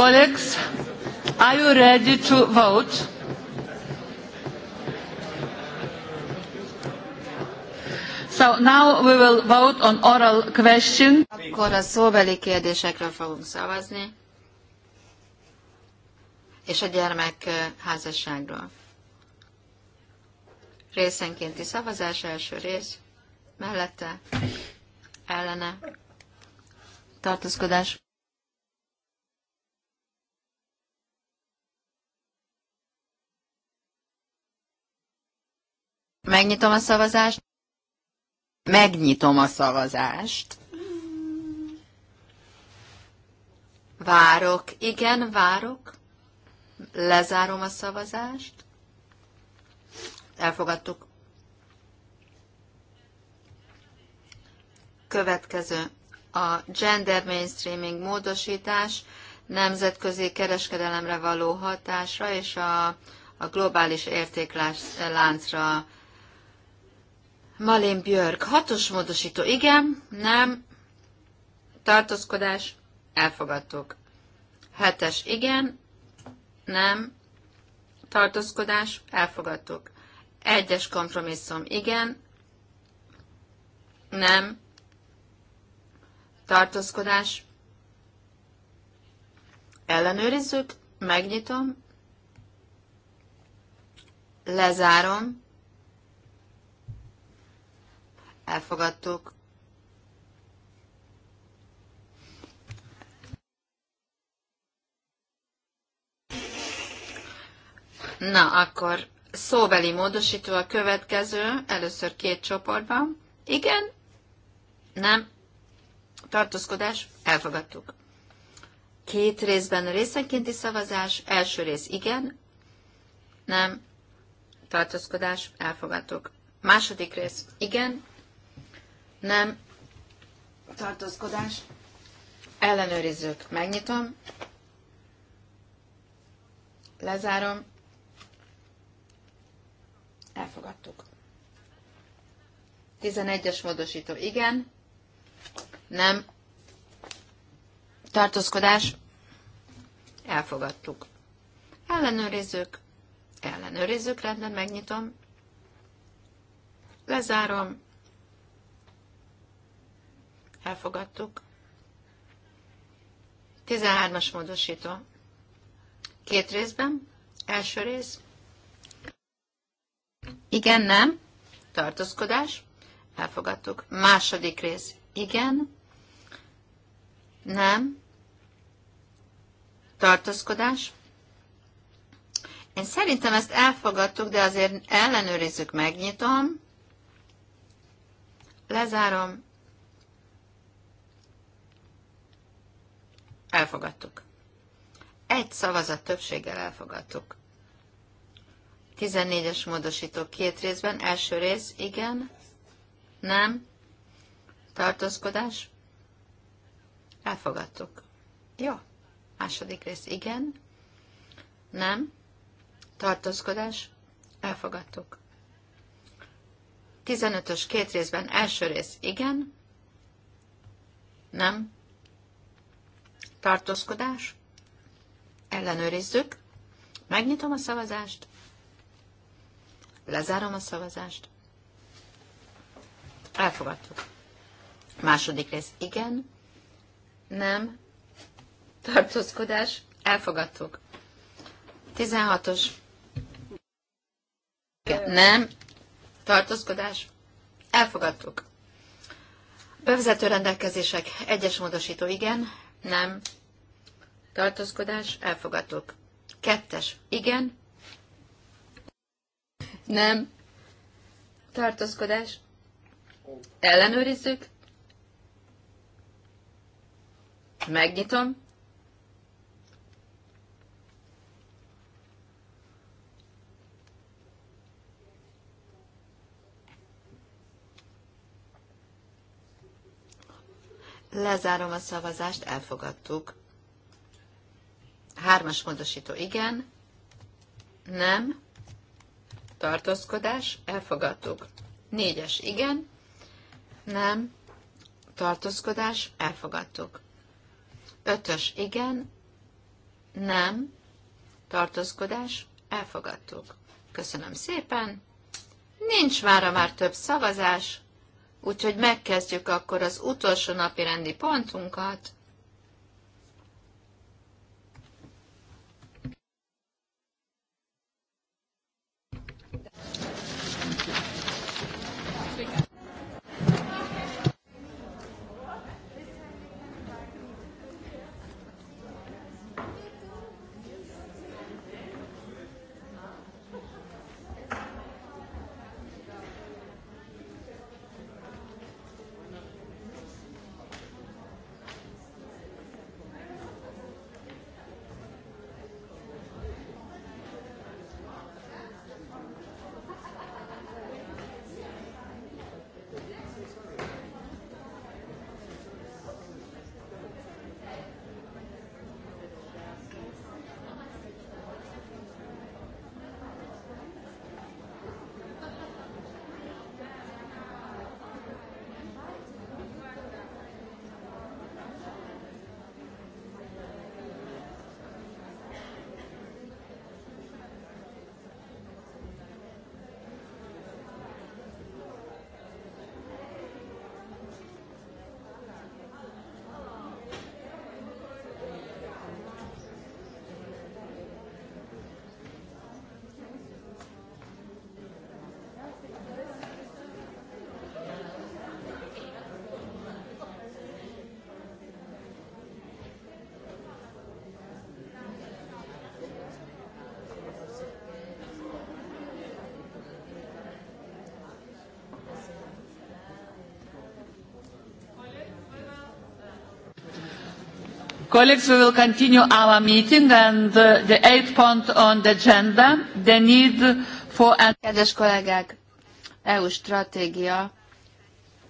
Colleagues, are you ready to vote? So now we will vote on oral question. Akkor a szóbeli kérdésekről fogunk szavazni, és a gyermek házasságról. Részenkénti szavazás, első rész, mellette, ellene, tartózkodás Megnyitom a szavazást. Megnyitom a szavazást. Várok, igen, várok. Lezárom a szavazást. Elfogadtuk. Következő a gender mainstreaming módosítás nemzetközi kereskedelemre való hatásra és a, a globális értékláncra Malin Björk, hatos módosító, igen, nem, tartózkodás, elfogadtuk. Hetes, igen, nem, tartózkodás, elfogadtuk. Egyes kompromisszum, igen, nem, tartózkodás, ellenőrizzük, megnyitom, lezárom, elfogadtuk. Na, akkor szóbeli módosító a következő, először két csoportban. Igen, nem, tartózkodás, elfogadtuk. Két részben részenkénti szavazás, első rész igen, nem, tartózkodás, elfogadtuk. Második rész igen, nem, tartózkodás, ellenőrizzük, megnyitom, lezárom, elfogadtuk. 11-es módosító, igen, nem, tartózkodás, elfogadtuk. Ellenőrizzük, ellenőrizzük, rendben, megnyitom, lezárom, elfogadtuk. 13-as módosító. Két részben. Első rész. Igen, nem. Tartózkodás. Elfogadtuk. Második rész. Igen. Nem. Tartózkodás. Én szerintem ezt elfogadtuk, de azért ellenőrizzük, megnyitom. Lezárom. Elfogadtuk. Egy szavazat többséggel elfogadtuk. 14-es módosító két részben. Első rész, igen, nem, tartózkodás. Elfogadtuk. Jó. Második rész, igen, nem, tartózkodás. Elfogadtuk. 15-ös két részben első rész, igen, nem, tartózkodás, ellenőrizzük, megnyitom a szavazást, lezárom a szavazást, elfogadtuk. Második rész, igen, nem, tartózkodás, elfogadtuk. 16-os, nem, tartózkodás, elfogadtuk. Bevezető rendelkezések, egyes módosító, igen, nem, tartózkodás, elfogadtuk. Kettes, igen, nem, tartózkodás, ellenőrizzük, megnyitom, Lezárom a szavazást, elfogadtuk. Hármas módosító igen, nem, tartózkodás, elfogadtuk. Négyes igen, nem, tartózkodás, elfogadtuk. Ötös igen, nem, tartózkodás, elfogadtuk. Köszönöm szépen. Nincs vára már több szavazás. Úgyhogy megkezdjük akkor az utolsó napi rendi pontunkat, Colleagues, we will continue our meeting and the eighth point on the agenda, the need for... An Kedves kollégák, EU stratégia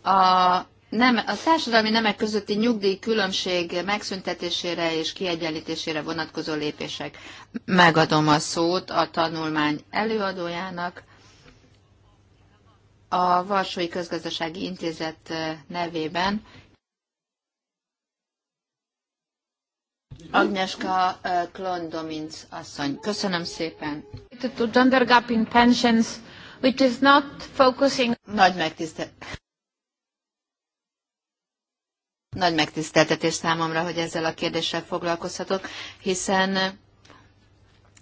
a, nem, a társadalmi nemek közötti nyugdíj különbség megszüntetésére és kiegyenlítésére vonatkozó lépések. Megadom a szót a tanulmány előadójának, a Varsói Közgazdasági Intézet nevében, Agnieszka Klondominc asszony. Köszönöm szépen. To gender gap in pensions, which is not focusing... Nagy megtiszteltetés. Nagy megtiszteltetés számomra, hogy ezzel a kérdéssel foglalkozhatok, hiszen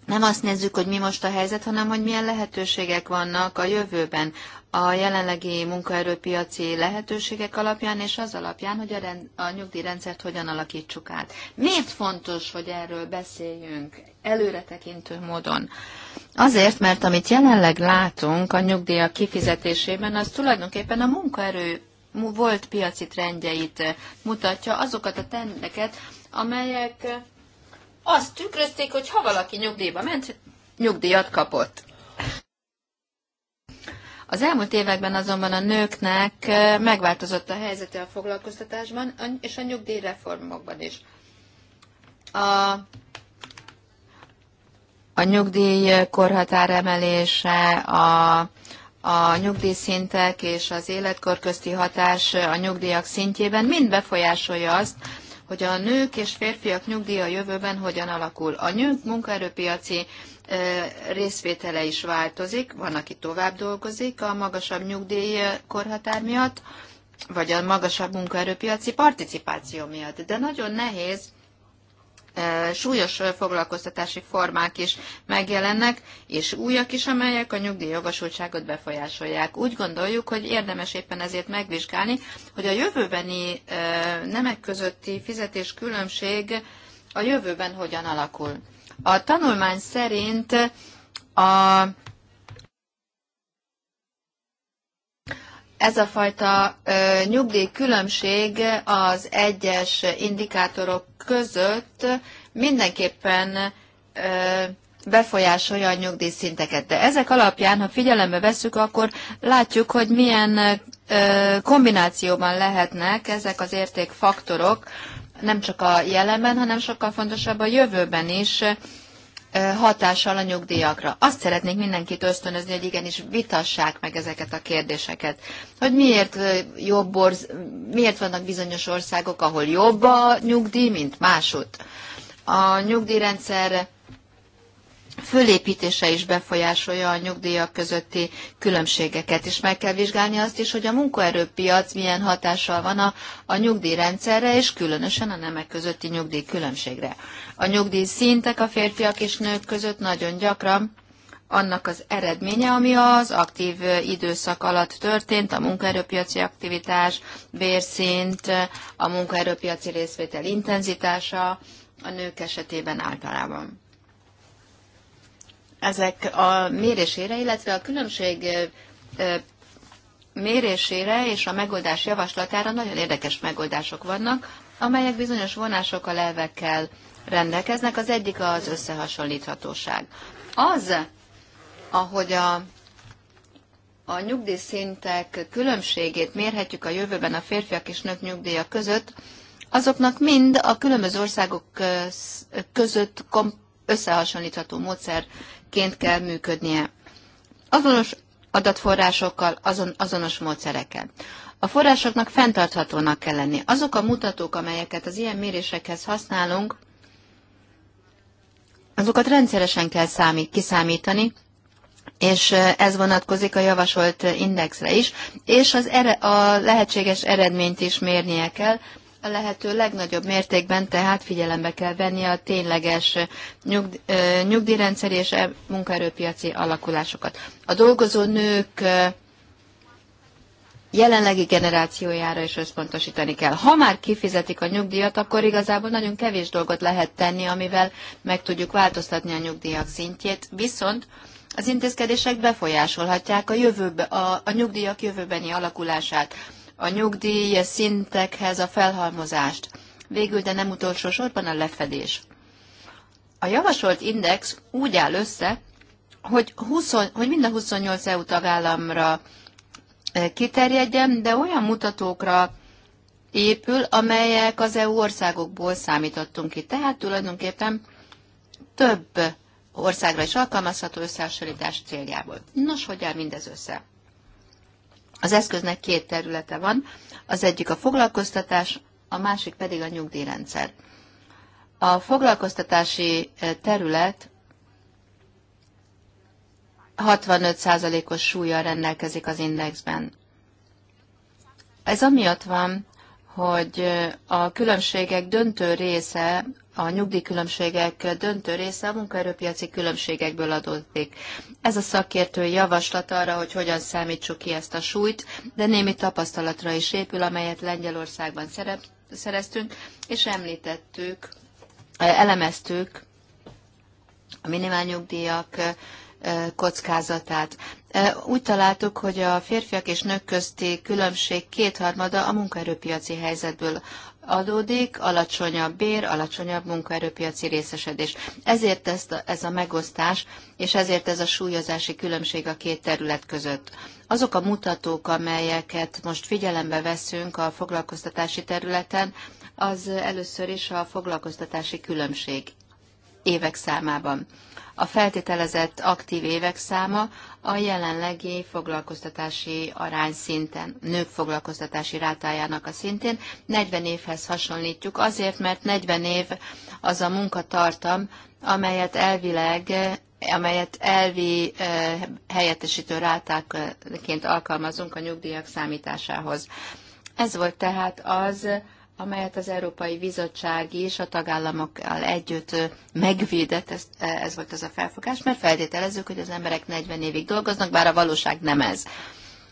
nem azt nézzük, hogy mi most a helyzet, hanem hogy milyen lehetőségek vannak a jövőben, a jelenlegi munkaerőpiaci lehetőségek alapján, és az alapján, hogy a, rend, a nyugdíjrendszert hogyan alakítsuk át. Miért fontos, hogy erről beszéljünk előretekintő módon? Azért, mert amit jelenleg látunk a nyugdíjak kifizetésében, az tulajdonképpen a munkaerő volt piaci trendjeit mutatja, azokat a trendeket, amelyek azt tükrözték, hogy ha valaki nyugdíjba ment, nyugdíjat kapott. Az elmúlt években azonban a nőknek megváltozott a helyzete a foglalkoztatásban és a nyugdíjreformokban is. A, a nyugdíj korhatár emelése, a, a nyugdíjszintek és az életkor közti hatás a nyugdíjak szintjében mind befolyásolja azt, hogy a nők és férfiak nyugdíja jövőben hogyan alakul. A nők munkaerőpiaci részvétele is változik, van, aki tovább dolgozik a magasabb nyugdíjkorhatár miatt, vagy a magasabb munkaerőpiaci participáció miatt. De nagyon nehéz súlyos foglalkoztatási formák is megjelennek, és újak is, amelyek a nyugdíjjogosultságot befolyásolják. Úgy gondoljuk, hogy érdemes éppen ezért megvizsgálni, hogy a jövőbeni nemek közötti fizetés különbség a jövőben hogyan alakul. A tanulmány szerint a ez a fajta nyugdíjkülönbség az egyes indikátorok között mindenképpen befolyásolja a nyugdíjszinteket. De ezek alapján, ha figyelembe vesszük, akkor látjuk, hogy milyen kombinációban lehetnek ezek az értékfaktorok, nem csak a jelenben, hanem sokkal fontosabb a jövőben is, hatással a nyugdíjakra. Azt szeretnék mindenkit ösztönözni, hogy igenis vitassák meg ezeket a kérdéseket. Hogy miért, jobb orz, miért vannak bizonyos országok, ahol jobb a nyugdíj, mint másút. A nyugdíjrendszer fölépítése is befolyásolja a nyugdíjak közötti különbségeket, és meg kell vizsgálni azt is, hogy a munkaerőpiac milyen hatással van a, a nyugdíjrendszerre, és különösen a nemek közötti nyugdíj különbségre. A nyugdíj szintek a férfiak és nők között nagyon gyakran annak az eredménye, ami az aktív időszak alatt történt, a munkaerőpiaci aktivitás, bérszint, a munkaerőpiaci részvétel intenzitása a nők esetében általában ezek a mérésére, illetve a különbség mérésére és a megoldás javaslatára nagyon érdekes megoldások vannak, amelyek bizonyos vonások a levekkel rendelkeznek. Az egyik az összehasonlíthatóság. Az, ahogy a, a nyugdíjszintek különbségét mérhetjük a jövőben a férfiak és nők nyugdíja között, azoknak mind a különböző országok között összehasonlítható módszer ként kell működnie. Azonos adatforrásokkal, azon, azonos módszerekkel. A forrásoknak fenntarthatónak kell lenni. Azok a mutatók, amelyeket az ilyen mérésekhez használunk, azokat rendszeresen kell számít, kiszámítani, és ez vonatkozik a javasolt indexre is, és az ere, a lehetséges eredményt is mérnie kell, a lehető legnagyobb mértékben tehát figyelembe kell venni a tényleges nyugd, nyugdíjrendszer és e, munkaerőpiaci alakulásokat. A dolgozó nők jelenlegi generációjára is összpontosítani kell. Ha már kifizetik a nyugdíjat, akkor igazából nagyon kevés dolgot lehet tenni, amivel meg tudjuk változtatni a nyugdíjak szintjét, viszont az intézkedések befolyásolhatják a, jövőbe, a, a nyugdíjak jövőbeni alakulását a nyugdíj szintekhez a felhalmozást. Végül, de nem utolsó sorban a lefedés. A javasolt index úgy áll össze, hogy, 20, hogy mind a 28 EU tagállamra e, kiterjedjen, de olyan mutatókra épül, amelyek az EU országokból számítottunk ki. Tehát tulajdonképpen több országra is alkalmazható összehasonlítás céljából. Nos, hogy áll mindez össze? Az eszköznek két területe van, az egyik a foglalkoztatás, a másik pedig a nyugdíjrendszer. A foglalkoztatási eh, terület 65%-os súlya rendelkezik az indexben. Ez amiatt van, hogy eh, a különbségek döntő része a nyugdíjkülönbségek döntő része a munkaerőpiaci különbségekből adódik. Ez a szakértő javaslat arra, hogy hogyan számítsuk ki ezt a súlyt, de némi tapasztalatra is épül, amelyet Lengyelországban szereztünk, és említettük, elemeztük a minimálnyugdíjak kockázatát. Úgy találtuk, hogy a férfiak és nők közti különbség kétharmada a munkaerőpiaci helyzetből adódik, alacsonyabb bér, alacsonyabb munkaerőpiaci részesedés. Ezért ezt a, ez a megosztás, és ezért ez a súlyozási különbség a két terület között. Azok a mutatók, amelyeket most figyelembe veszünk a foglalkoztatási területen, az először is a foglalkoztatási különbség évek számában a feltételezett aktív évek száma a jelenlegi foglalkoztatási arány szinten, nők foglalkoztatási rátájának a szintén 40 évhez hasonlítjuk, azért, mert 40 év az a munkatartam, amelyet elvileg amelyet elvi eh, helyettesítő rátáként alkalmazunk a nyugdíjak számításához. Ez volt tehát az, amelyet az Európai Bizottság és a tagállamokkal együtt megvédett, ez, e, ez volt az a felfogás, mert feltételezzük, hogy az emberek 40 évig dolgoznak, bár a valóság nem ez.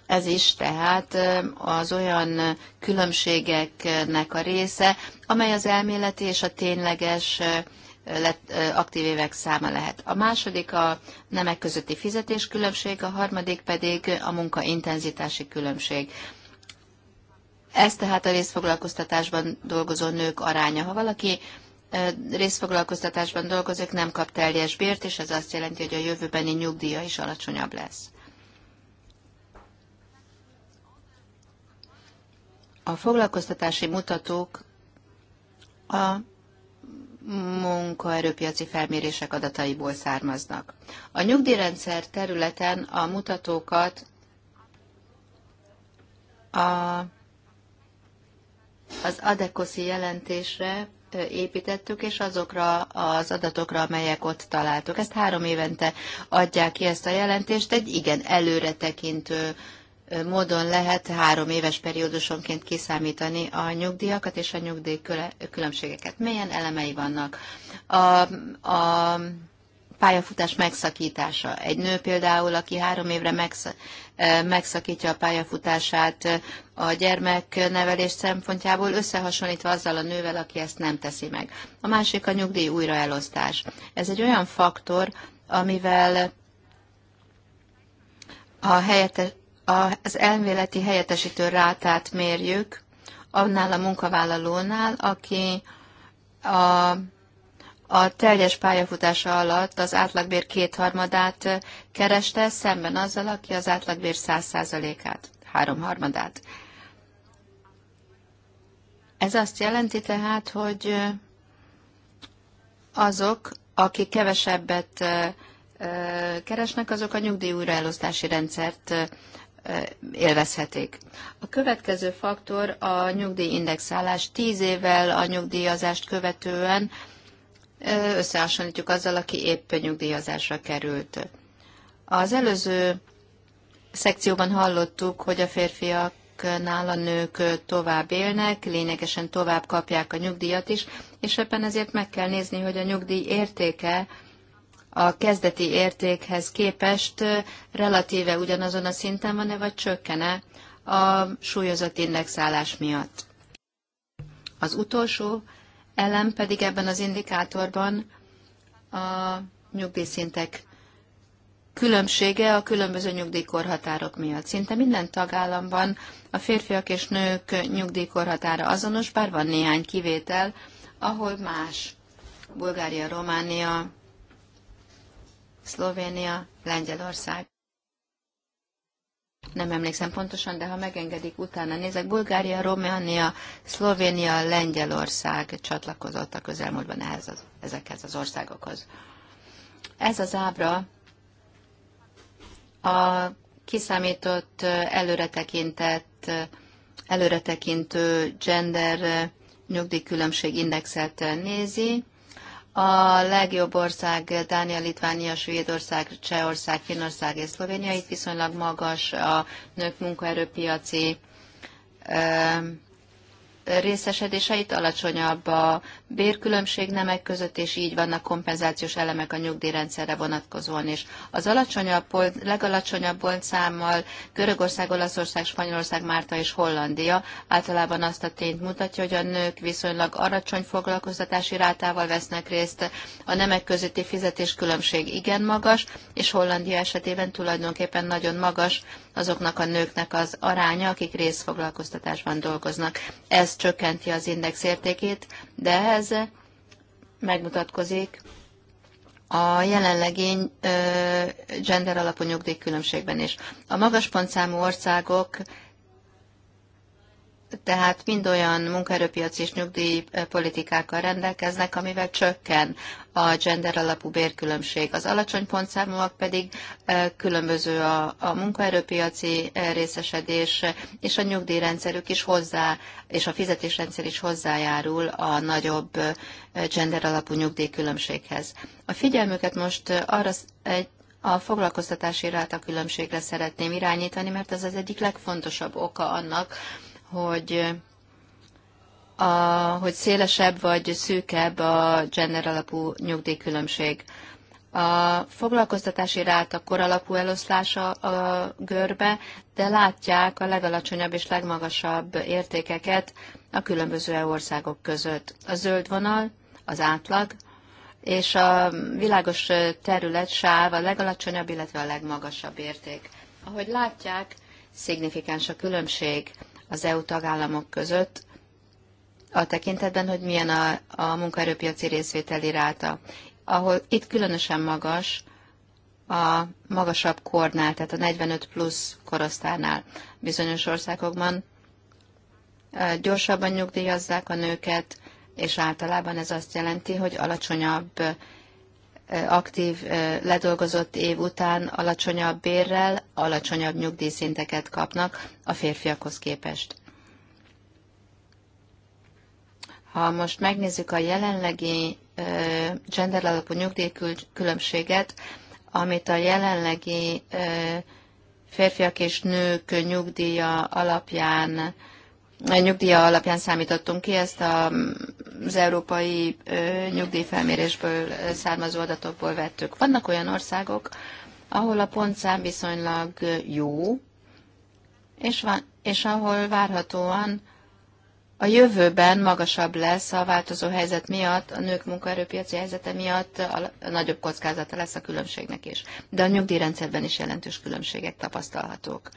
Ez is tehát az olyan különbségeknek a része, amely az elméleti és a tényleges aktív évek száma lehet. A második a nemek közötti fizetés különbség, a harmadik pedig a munkaintenzitási különbség. Ez tehát a részfoglalkoztatásban dolgozó nők aránya. Ha valaki részfoglalkoztatásban dolgozik, nem kap teljes bért, és ez azt jelenti, hogy a jövőbeni nyugdíja is alacsonyabb lesz. A foglalkoztatási mutatók a munkaerőpiaci felmérések adataiból származnak. A nyugdíjrendszer területen a mutatókat a az adekoszi jelentésre építettük, és azokra az adatokra, amelyek ott találtuk. Ezt három évente adják ki ezt a jelentést, egy igen előre tekintő módon lehet három éves periódusonként kiszámítani a nyugdíjakat és a nyugdíj különbségeket. Milyen elemei vannak? A, a pályafutás megszakítása. Egy nő például, aki három évre megsz- megszakítja a pályafutását a gyermeknevelés szempontjából, összehasonlítva azzal a nővel, aki ezt nem teszi meg. A másik a nyugdíj újraelosztás. Ez egy olyan faktor, amivel a a, az elméleti helyettesítő rátát mérjük, annál a munkavállalónál, aki a a teljes pályafutása alatt az átlagbér kétharmadát kereste, szemben azzal, aki az átlagbér száz százalékát, háromharmadát. Ez azt jelenti tehát, hogy azok, akik kevesebbet keresnek, azok a nyugdíj újraelosztási rendszert élvezhetik. A következő faktor a nyugdíjindexálás. Tíz évvel a nyugdíjazást követően összehasonlítjuk azzal, aki épp nyugdíjazásra került. Az előző szekcióban hallottuk, hogy a nál a nők tovább élnek, lényegesen tovább kapják a nyugdíjat is, és ebben ezért meg kell nézni, hogy a nyugdíj értéke a kezdeti értékhez képest relatíve ugyanazon a szinten van-e, vagy csökkene a súlyozott indexálás miatt. Az utolsó elem pedig ebben az indikátorban a nyugdíjszintek különbsége a különböző nyugdíjkorhatárok miatt. Szinte minden tagállamban a férfiak és nők nyugdíjkorhatára azonos, bár van néhány kivétel, ahol más. Bulgária, Románia, Szlovénia, Lengyelország nem emlékszem pontosan, de ha megengedik, utána nézek. Bulgária, Románia, Szlovénia, Lengyelország csatlakozott a közelmúltban ehhez az, ezekhez az országokhoz. Ez az ábra a kiszámított, előretekintett, előretekintő gender nyugdíjkülönbség indexet nézi, a legjobb ország Dánia, Litvánia, Svédország, Csehország, Finnország és Szlovénia. Itt viszonylag magas a nők munkaerőpiaci részesedéseit, alacsonyabb a bérkülönbség nemek között, és így vannak kompenzációs elemek a nyugdíjrendszerre vonatkozóan is. Az alacsonyabb, legalacsonyabb számmal Görögország, Olaszország, Spanyolország, Márta és Hollandia általában azt a tényt mutatja, hogy a nők viszonylag alacsony foglalkoztatási rátával vesznek részt, a nemek közötti fizetéskülönbség igen magas, és Hollandia esetében tulajdonképpen nagyon magas azoknak a nőknek az aránya, akik részfoglalkoztatásban dolgoznak. Ez csökkenti az index értékét, de ez megmutatkozik a jelenlegi gender alapú nyugdíjkülönbségben is. A magas pontszámú országok tehát mind olyan munkaerőpiac és nyugdíjpolitikákkal eh, rendelkeznek, amivel csökken a gender alapú bérkülönbség. Az alacsony pontszámúak pedig eh, különböző a, a munkaerőpiaci eh, részesedés, és a nyugdíjrendszerük is hozzá, és a fizetésrendszer is hozzájárul a nagyobb gender alapú nyugdíjkülönbséghez. A figyelmüket most arra egy a foglalkoztatási ráta különbségre szeretném irányítani, mert ez az egyik legfontosabb oka annak, hogy a, hogy szélesebb vagy szűkebb a gender alapú nyugdíjkülönbség. A foglalkoztatási ráta koralapú eloszlása a görbe, de látják a legalacsonyabb és legmagasabb értékeket a különböző országok között. A zöld vonal, az átlag, és a világos terület sáv a legalacsonyabb, illetve a legmagasabb érték. Ahogy látják, szignifikáns a különbség az EU tagállamok között, a tekintetben, hogy milyen a, a munkaerőpiaci részvételi ráta. Ahol itt különösen magas, a magasabb kornál, tehát a 45 plusz korosztánál bizonyos országokban gyorsabban nyugdíjazzák a nőket, és általában ez azt jelenti, hogy alacsonyabb aktív ledolgozott év után alacsonyabb bérrel, alacsonyabb nyugdíjszinteket kapnak a férfiakhoz képest. Ha most megnézzük a jelenlegi gender alapú nyugdíjkülönbséget, amit a jelenlegi férfiak és nők nyugdíja alapján nyugdíja alapján számítottunk ki, ezt a, az európai nyugdíjfelmérésből származó adatokból vettük. Vannak olyan országok, ahol a pontszám viszonylag jó, és, van, és ahol várhatóan a jövőben magasabb lesz a változó helyzet miatt, a nők munkaerőpiaci helyzete miatt a nagyobb kockázata lesz a különbségnek is. De a nyugdíjrendszerben is jelentős különbségek tapasztalhatók.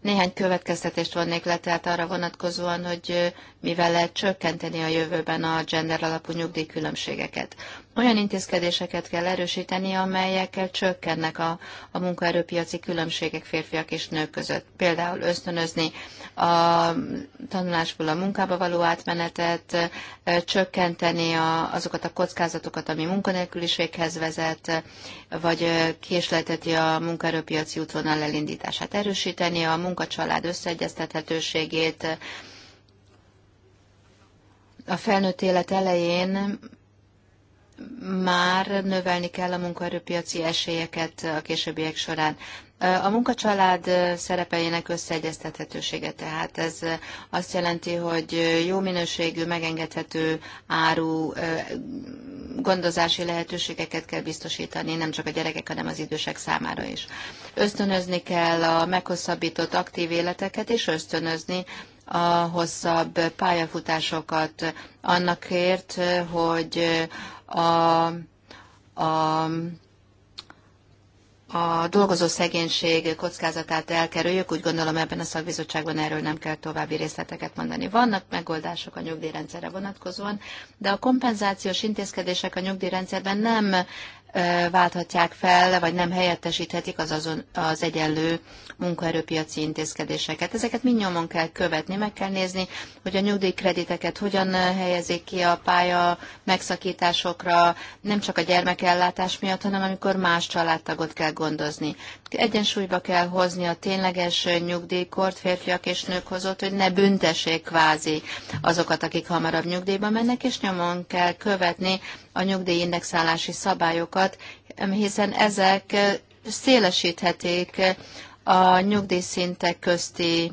Néhány következtetést vonnék le, tehát arra vonatkozóan, hogy mivel lehet csökkenteni a jövőben a gender alapú nyugdíjkülönbségeket. Olyan intézkedéseket kell erősíteni, amelyekkel csökkennek a, a munkaerőpiaci különbségek férfiak és nők között. Például ösztönözni a tanulásból a munkába való átmenetet, csökkenteni a, azokat a kockázatokat, ami munkanélküliséghez vezet, vagy késleteti a munkaerőpiaci útvonal elindítását, erősíteni a munkacsalád összeegyeztethetőségét, a felnőtt élet elején már növelni kell a munkaerőpiaci esélyeket a későbbiek során. A munkacsalád szerepeljének összeegyeztethetősége tehát ez azt jelenti, hogy jó minőségű, megengedhető áru gondozási lehetőségeket kell biztosítani, nem csak a gyerekek, hanem az idősek számára is. Ösztönözni kell a meghosszabbított aktív életeket, és ösztönözni a hosszabb pályafutásokat annakért, hogy a, a a dolgozó szegénység kockázatát elkerüljük, úgy gondolom ebben a szakbizottságban erről nem kell további részleteket mondani. Vannak megoldások a nyugdíjrendszerre vonatkozóan, de a kompenzációs intézkedések a nyugdíjrendszerben nem válthatják fel, vagy nem helyettesíthetik az, azon, az egyenlő munkaerőpiaci intézkedéseket. Ezeket mind nyomon kell követni, meg kell nézni, hogy a nyugdíjkrediteket hogyan helyezik ki a pálya megszakításokra, nem csak a gyermekellátás miatt, hanem amikor más családtagot kell gondozni. Egyensúlyba kell hozni a tényleges nyugdíjkort férfiak és nők hozott, hogy ne büntessék kvázi azokat, akik hamarabb nyugdíjba mennek, és nyomon kell követni a nyugdíjindexálási szabályokat, hiszen ezek szélesíthetik a nyugdíjszintek közti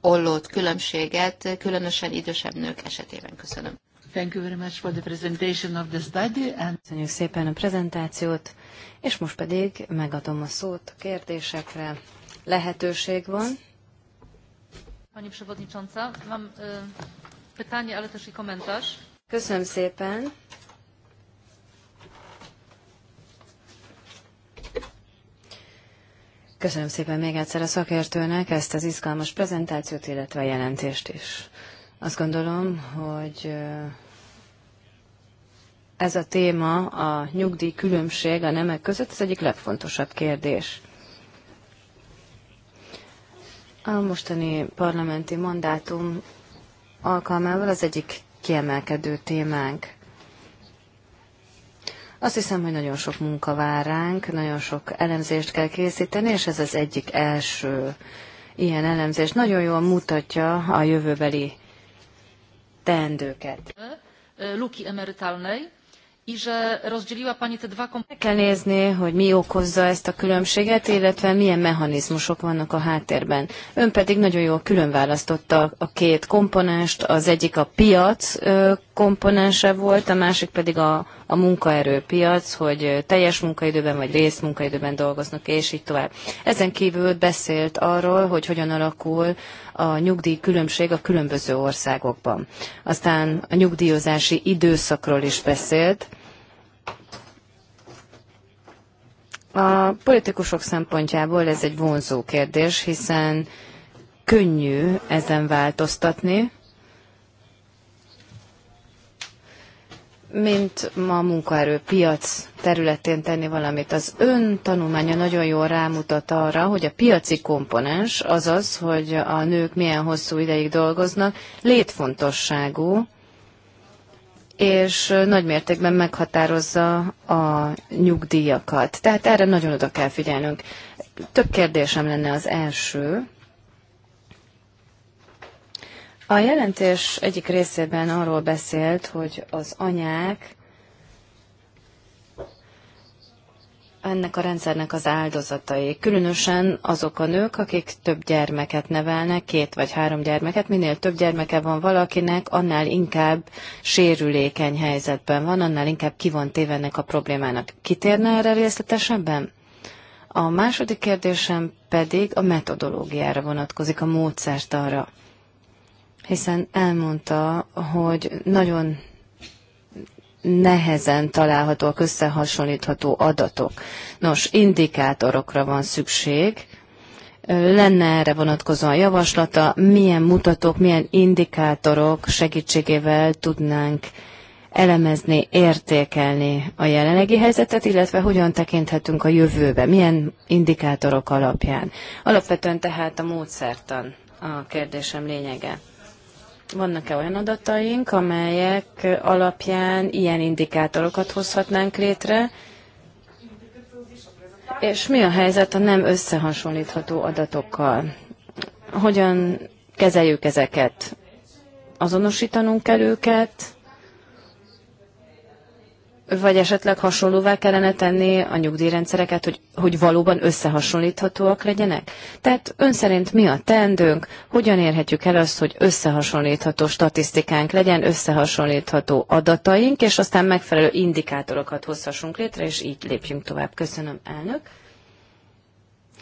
ollót, különbséget, különösen idősebb nők esetében. Köszönöm. Thank you very much for the presentation of the study. And... Köszönjük szépen a prezentációt, és most pedig megadom a szót a kérdésekre. Lehetőség van. Pani Przewodnicząca, mam y, e, pytanie, ale też i komentarz. Köszönöm szépen. Köszönöm szépen még egyszer a szakértőnek ezt az izgalmas prezentációt, illetve a jelentést is. Azt gondolom, hogy e, ez a téma, a nyugdíj különbség a nemek között, az egyik legfontosabb kérdés. A mostani parlamenti mandátum alkalmával az egyik kiemelkedő témánk. Azt hiszem, hogy nagyon sok munka vár ránk, nagyon sok elemzést kell készíteni, és ez az egyik első ilyen elemzés. Nagyon jól mutatja a jövőbeli teendőket. Luki emerytalnej, meg kell nézni, hogy mi okozza ezt a különbséget, illetve milyen mechanizmusok vannak a háttérben. Ön pedig nagyon jól különválasztotta a két komponást, az egyik a piac komponense volt, a másik pedig a, a munkaerőpiac, hogy teljes munkaidőben vagy részmunkaidőben dolgoznak, és így tovább. Ezen kívül beszélt arról, hogy hogyan alakul a nyugdíj különbség a különböző országokban. Aztán a nyugdíjozási időszakról is beszélt. A politikusok szempontjából ez egy vonzó kérdés, hiszen könnyű ezen változtatni, mint ma a munkaerőpiac területén tenni valamit. Az ön tanulmánya nagyon jól rámutat arra, hogy a piaci komponens, azaz, hogy a nők milyen hosszú ideig dolgoznak, létfontosságú, és nagy mértékben meghatározza a nyugdíjakat. Tehát erre nagyon oda kell figyelnünk. Több kérdésem lenne az első. A jelentés egyik részében arról beszélt, hogy az anyák ennek a rendszernek az áldozatai. Különösen azok a nők, akik több gyermeket nevelnek, két vagy három gyermeket. Minél több gyermeke van valakinek, annál inkább sérülékeny helyzetben van, annál inkább ki van ennek a problémának. Kitérne erre részletesebben? A második kérdésem pedig a metodológiára vonatkozik, a módszert arra hiszen elmondta, hogy nagyon nehezen találhatóak, összehasonlítható adatok. Nos, indikátorokra van szükség. Lenne erre vonatkozóan javaslata, milyen mutatók, milyen indikátorok segítségével tudnánk elemezni, értékelni a jelenlegi helyzetet, illetve hogyan tekinthetünk a jövőbe, milyen indikátorok alapján. Alapvetően tehát a módszertan a kérdésem lényege. Vannak-e olyan adataink, amelyek alapján ilyen indikátorokat hozhatnánk létre? És mi a helyzet a nem összehasonlítható adatokkal? Hogyan kezeljük ezeket? Azonosítanunk kell őket? vagy esetleg hasonlóvá kellene tenni a nyugdíjrendszereket, hogy, hogy valóban összehasonlíthatóak legyenek? Tehát ön szerint mi a teendőnk, hogyan érhetjük el azt, hogy összehasonlítható statisztikánk legyen, összehasonlítható adataink, és aztán megfelelő indikátorokat hozhassunk létre, és így lépjünk tovább. Köszönöm, elnök.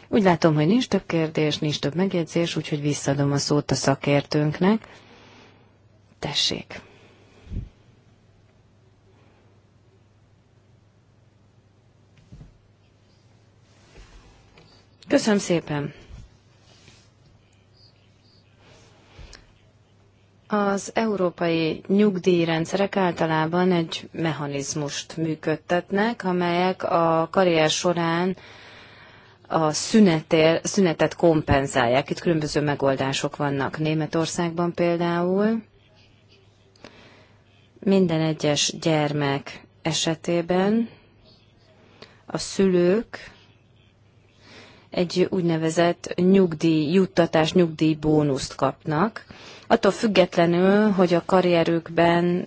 Úgy látom, hogy nincs több kérdés, nincs több megjegyzés, úgyhogy visszadom a szót a szakértőnknek. Tessék! Köszönöm szépen! Az európai nyugdíjrendszerek általában egy mechanizmust működtetnek, amelyek a karrier során a szünetér, szünetet kompenzálják. Itt különböző megoldások vannak. Németországban például minden egyes gyermek esetében a szülők egy úgynevezett nyugdíj, juttatás, nyugdíj bónuszt kapnak. Attól függetlenül, hogy a karrierükben,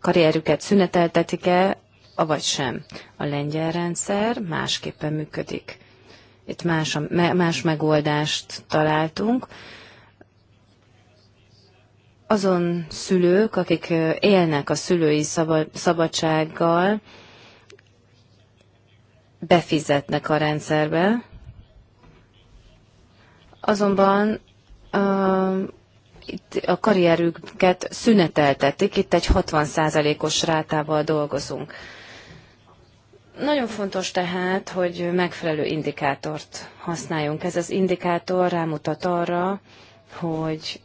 karrierüket szüneteltetik-e, avagy sem. A lengyel rendszer másképpen működik. Itt más, más megoldást találtunk. Azon szülők, akik élnek a szülői szabadsággal, befizetnek a rendszerbe, Azonban itt a karrierüket szüneteltetik, itt egy 60%-os rátával dolgozunk. Nagyon fontos tehát, hogy megfelelő indikátort használjunk. Ez az indikátor rámutat arra, hogy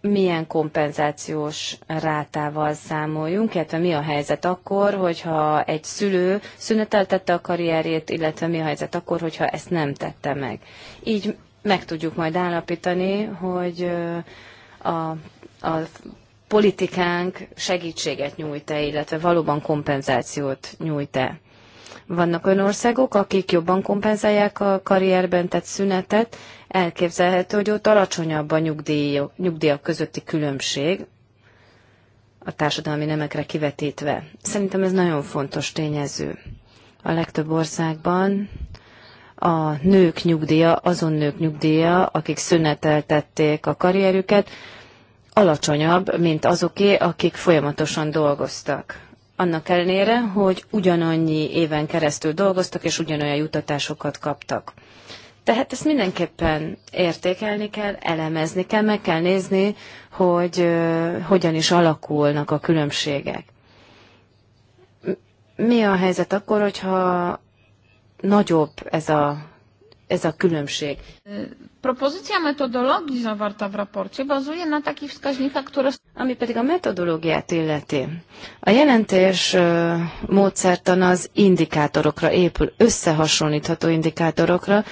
milyen kompenzációs rátával számoljunk, illetve mi a helyzet akkor, hogyha egy szülő szüneteltette a karrierjét, illetve mi a helyzet akkor, hogyha ezt nem tette meg. Így meg tudjuk majd állapítani, hogy a, a politikánk segítséget nyújt-e, illetve valóban kompenzációt nyújt-e. Vannak olyan országok, akik jobban kompenzálják a karrierben tett szünetet, elképzelhető, hogy ott alacsonyabb a nyugdíjok, nyugdíjak közötti különbség a társadalmi nemekre kivetítve. Szerintem ez nagyon fontos tényező. A legtöbb országban a nők nyugdíja, azon nők nyugdíja, akik szüneteltették a karrierüket, alacsonyabb, mint azoké, akik folyamatosan dolgoztak. Annak ellenére, hogy ugyanannyi éven keresztül dolgoztak, és ugyanolyan jutatásokat kaptak. Tehát ezt mindenképpen értékelni kell, elemezni kell, meg kell nézni, hogy uh, hogyan is alakulnak a különbségek. Mi a helyzet akkor, hogyha nagyobb ez a, ez a különbség. Propozycja metodologii zawarta w raporcie bazuje na takich wskaźnikach, które... Ami pedig a metodológiát illeti. A jelentés módszertan az indikátorokra épül, összehasonlítható indikátorokra,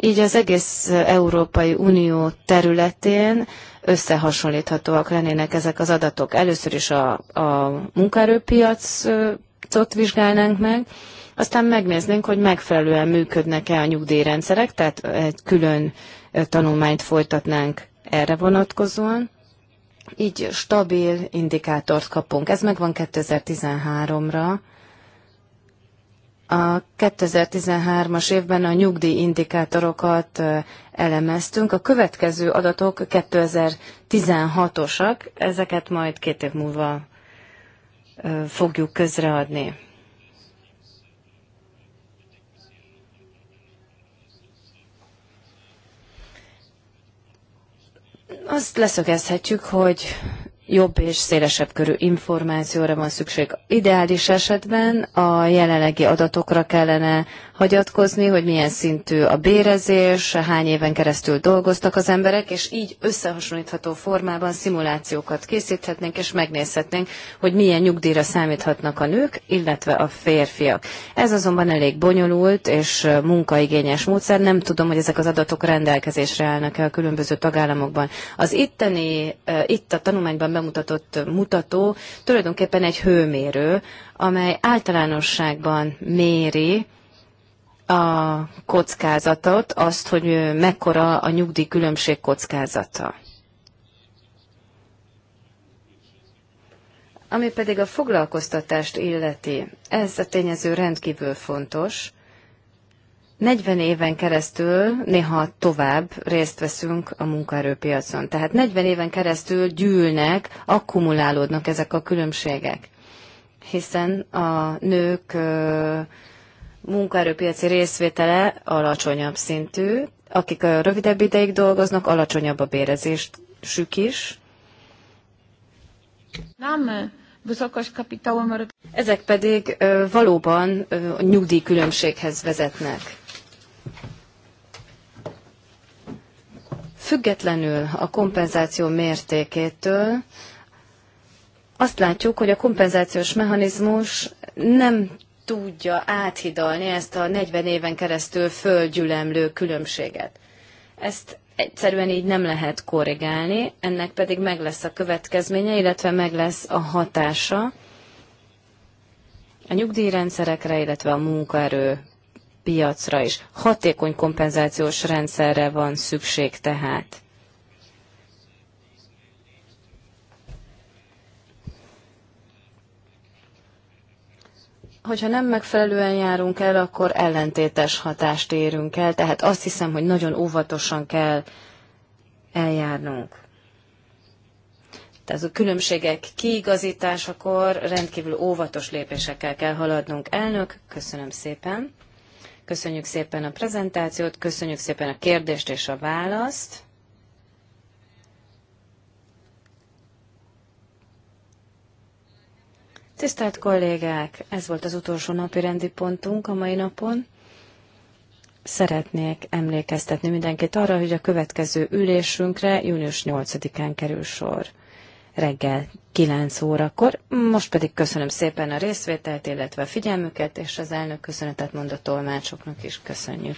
így az egész Európai Unió területén összehasonlíthatóak lennének ezek az adatok. Először is a, a munkaerőpiacot vizsgálnánk meg, aztán megnéznénk, hogy megfelelően működnek-e a nyugdíjrendszerek, tehát egy külön tanulmányt folytatnánk erre vonatkozóan. Így stabil indikátort kapunk. Ez megvan 2013-ra. A 2013-as évben a indikátorokat elemeztünk. A következő adatok 2016-osak, ezeket majd két év múlva fogjuk közreadni. Azt leszögezhetjük, hogy jobb és szélesebb körű információra van szükség. Ideális esetben a jelenlegi adatokra kellene hagyatkozni, hogy milyen szintű a bérezés, hány éven keresztül dolgoztak az emberek, és így összehasonlítható formában szimulációkat készíthetnénk, és megnézhetnénk, hogy milyen nyugdíjra számíthatnak a nők, illetve a férfiak. Ez azonban elég bonyolult és munkaigényes módszer. Nem tudom, hogy ezek az adatok rendelkezésre állnak-e a különböző tagállamokban. Az itteni, itt a tanulmányban bemutatott mutató tulajdonképpen egy hőmérő, amely általánosságban méri, a kockázatot, azt, hogy mekkora a nyugdíj különbség kockázata. Ami pedig a foglalkoztatást illeti, ez a tényező rendkívül fontos. 40 éven keresztül, néha tovább részt veszünk a munkaerőpiacon. Tehát 40 éven keresztül gyűlnek, akkumulálódnak ezek a különbségek. Hiszen a nők munkaerőpiaci részvétele alacsonyabb szintű, akik a rövidebb ideig dolgoznak, alacsonyabb a sük is. Nem, ezek pedig valóban a nyugdíj különbséghez vezetnek. Függetlenül a kompenzáció mértékétől azt látjuk, hogy a kompenzációs mechanizmus nem tudja áthidalni ezt a 40 éven keresztül földgyülemlő különbséget. Ezt egyszerűen így nem lehet korrigálni, ennek pedig meg lesz a következménye, illetve meg lesz a hatása a nyugdíjrendszerekre, illetve a munkaerő piacra is. Hatékony kompenzációs rendszerre van szükség tehát. hogyha nem megfelelően járunk el, akkor ellentétes hatást érünk el, tehát azt hiszem, hogy nagyon óvatosan kell eljárnunk. Tehát a különbségek kiigazításakor rendkívül óvatos lépésekkel kell haladnunk. Elnök, köszönöm szépen. Köszönjük szépen a prezentációt, köszönjük szépen a kérdést és a választ. Tisztelt kollégák, ez volt az utolsó napi rendi pontunk a mai napon. Szeretnék emlékeztetni mindenkit arra, hogy a következő ülésünkre június 8-án kerül sor reggel 9 órakor. Most pedig köszönöm szépen a részvételt, illetve a figyelmüket, és az elnök köszönetet mond a tolmácsoknak is. Köszönjük!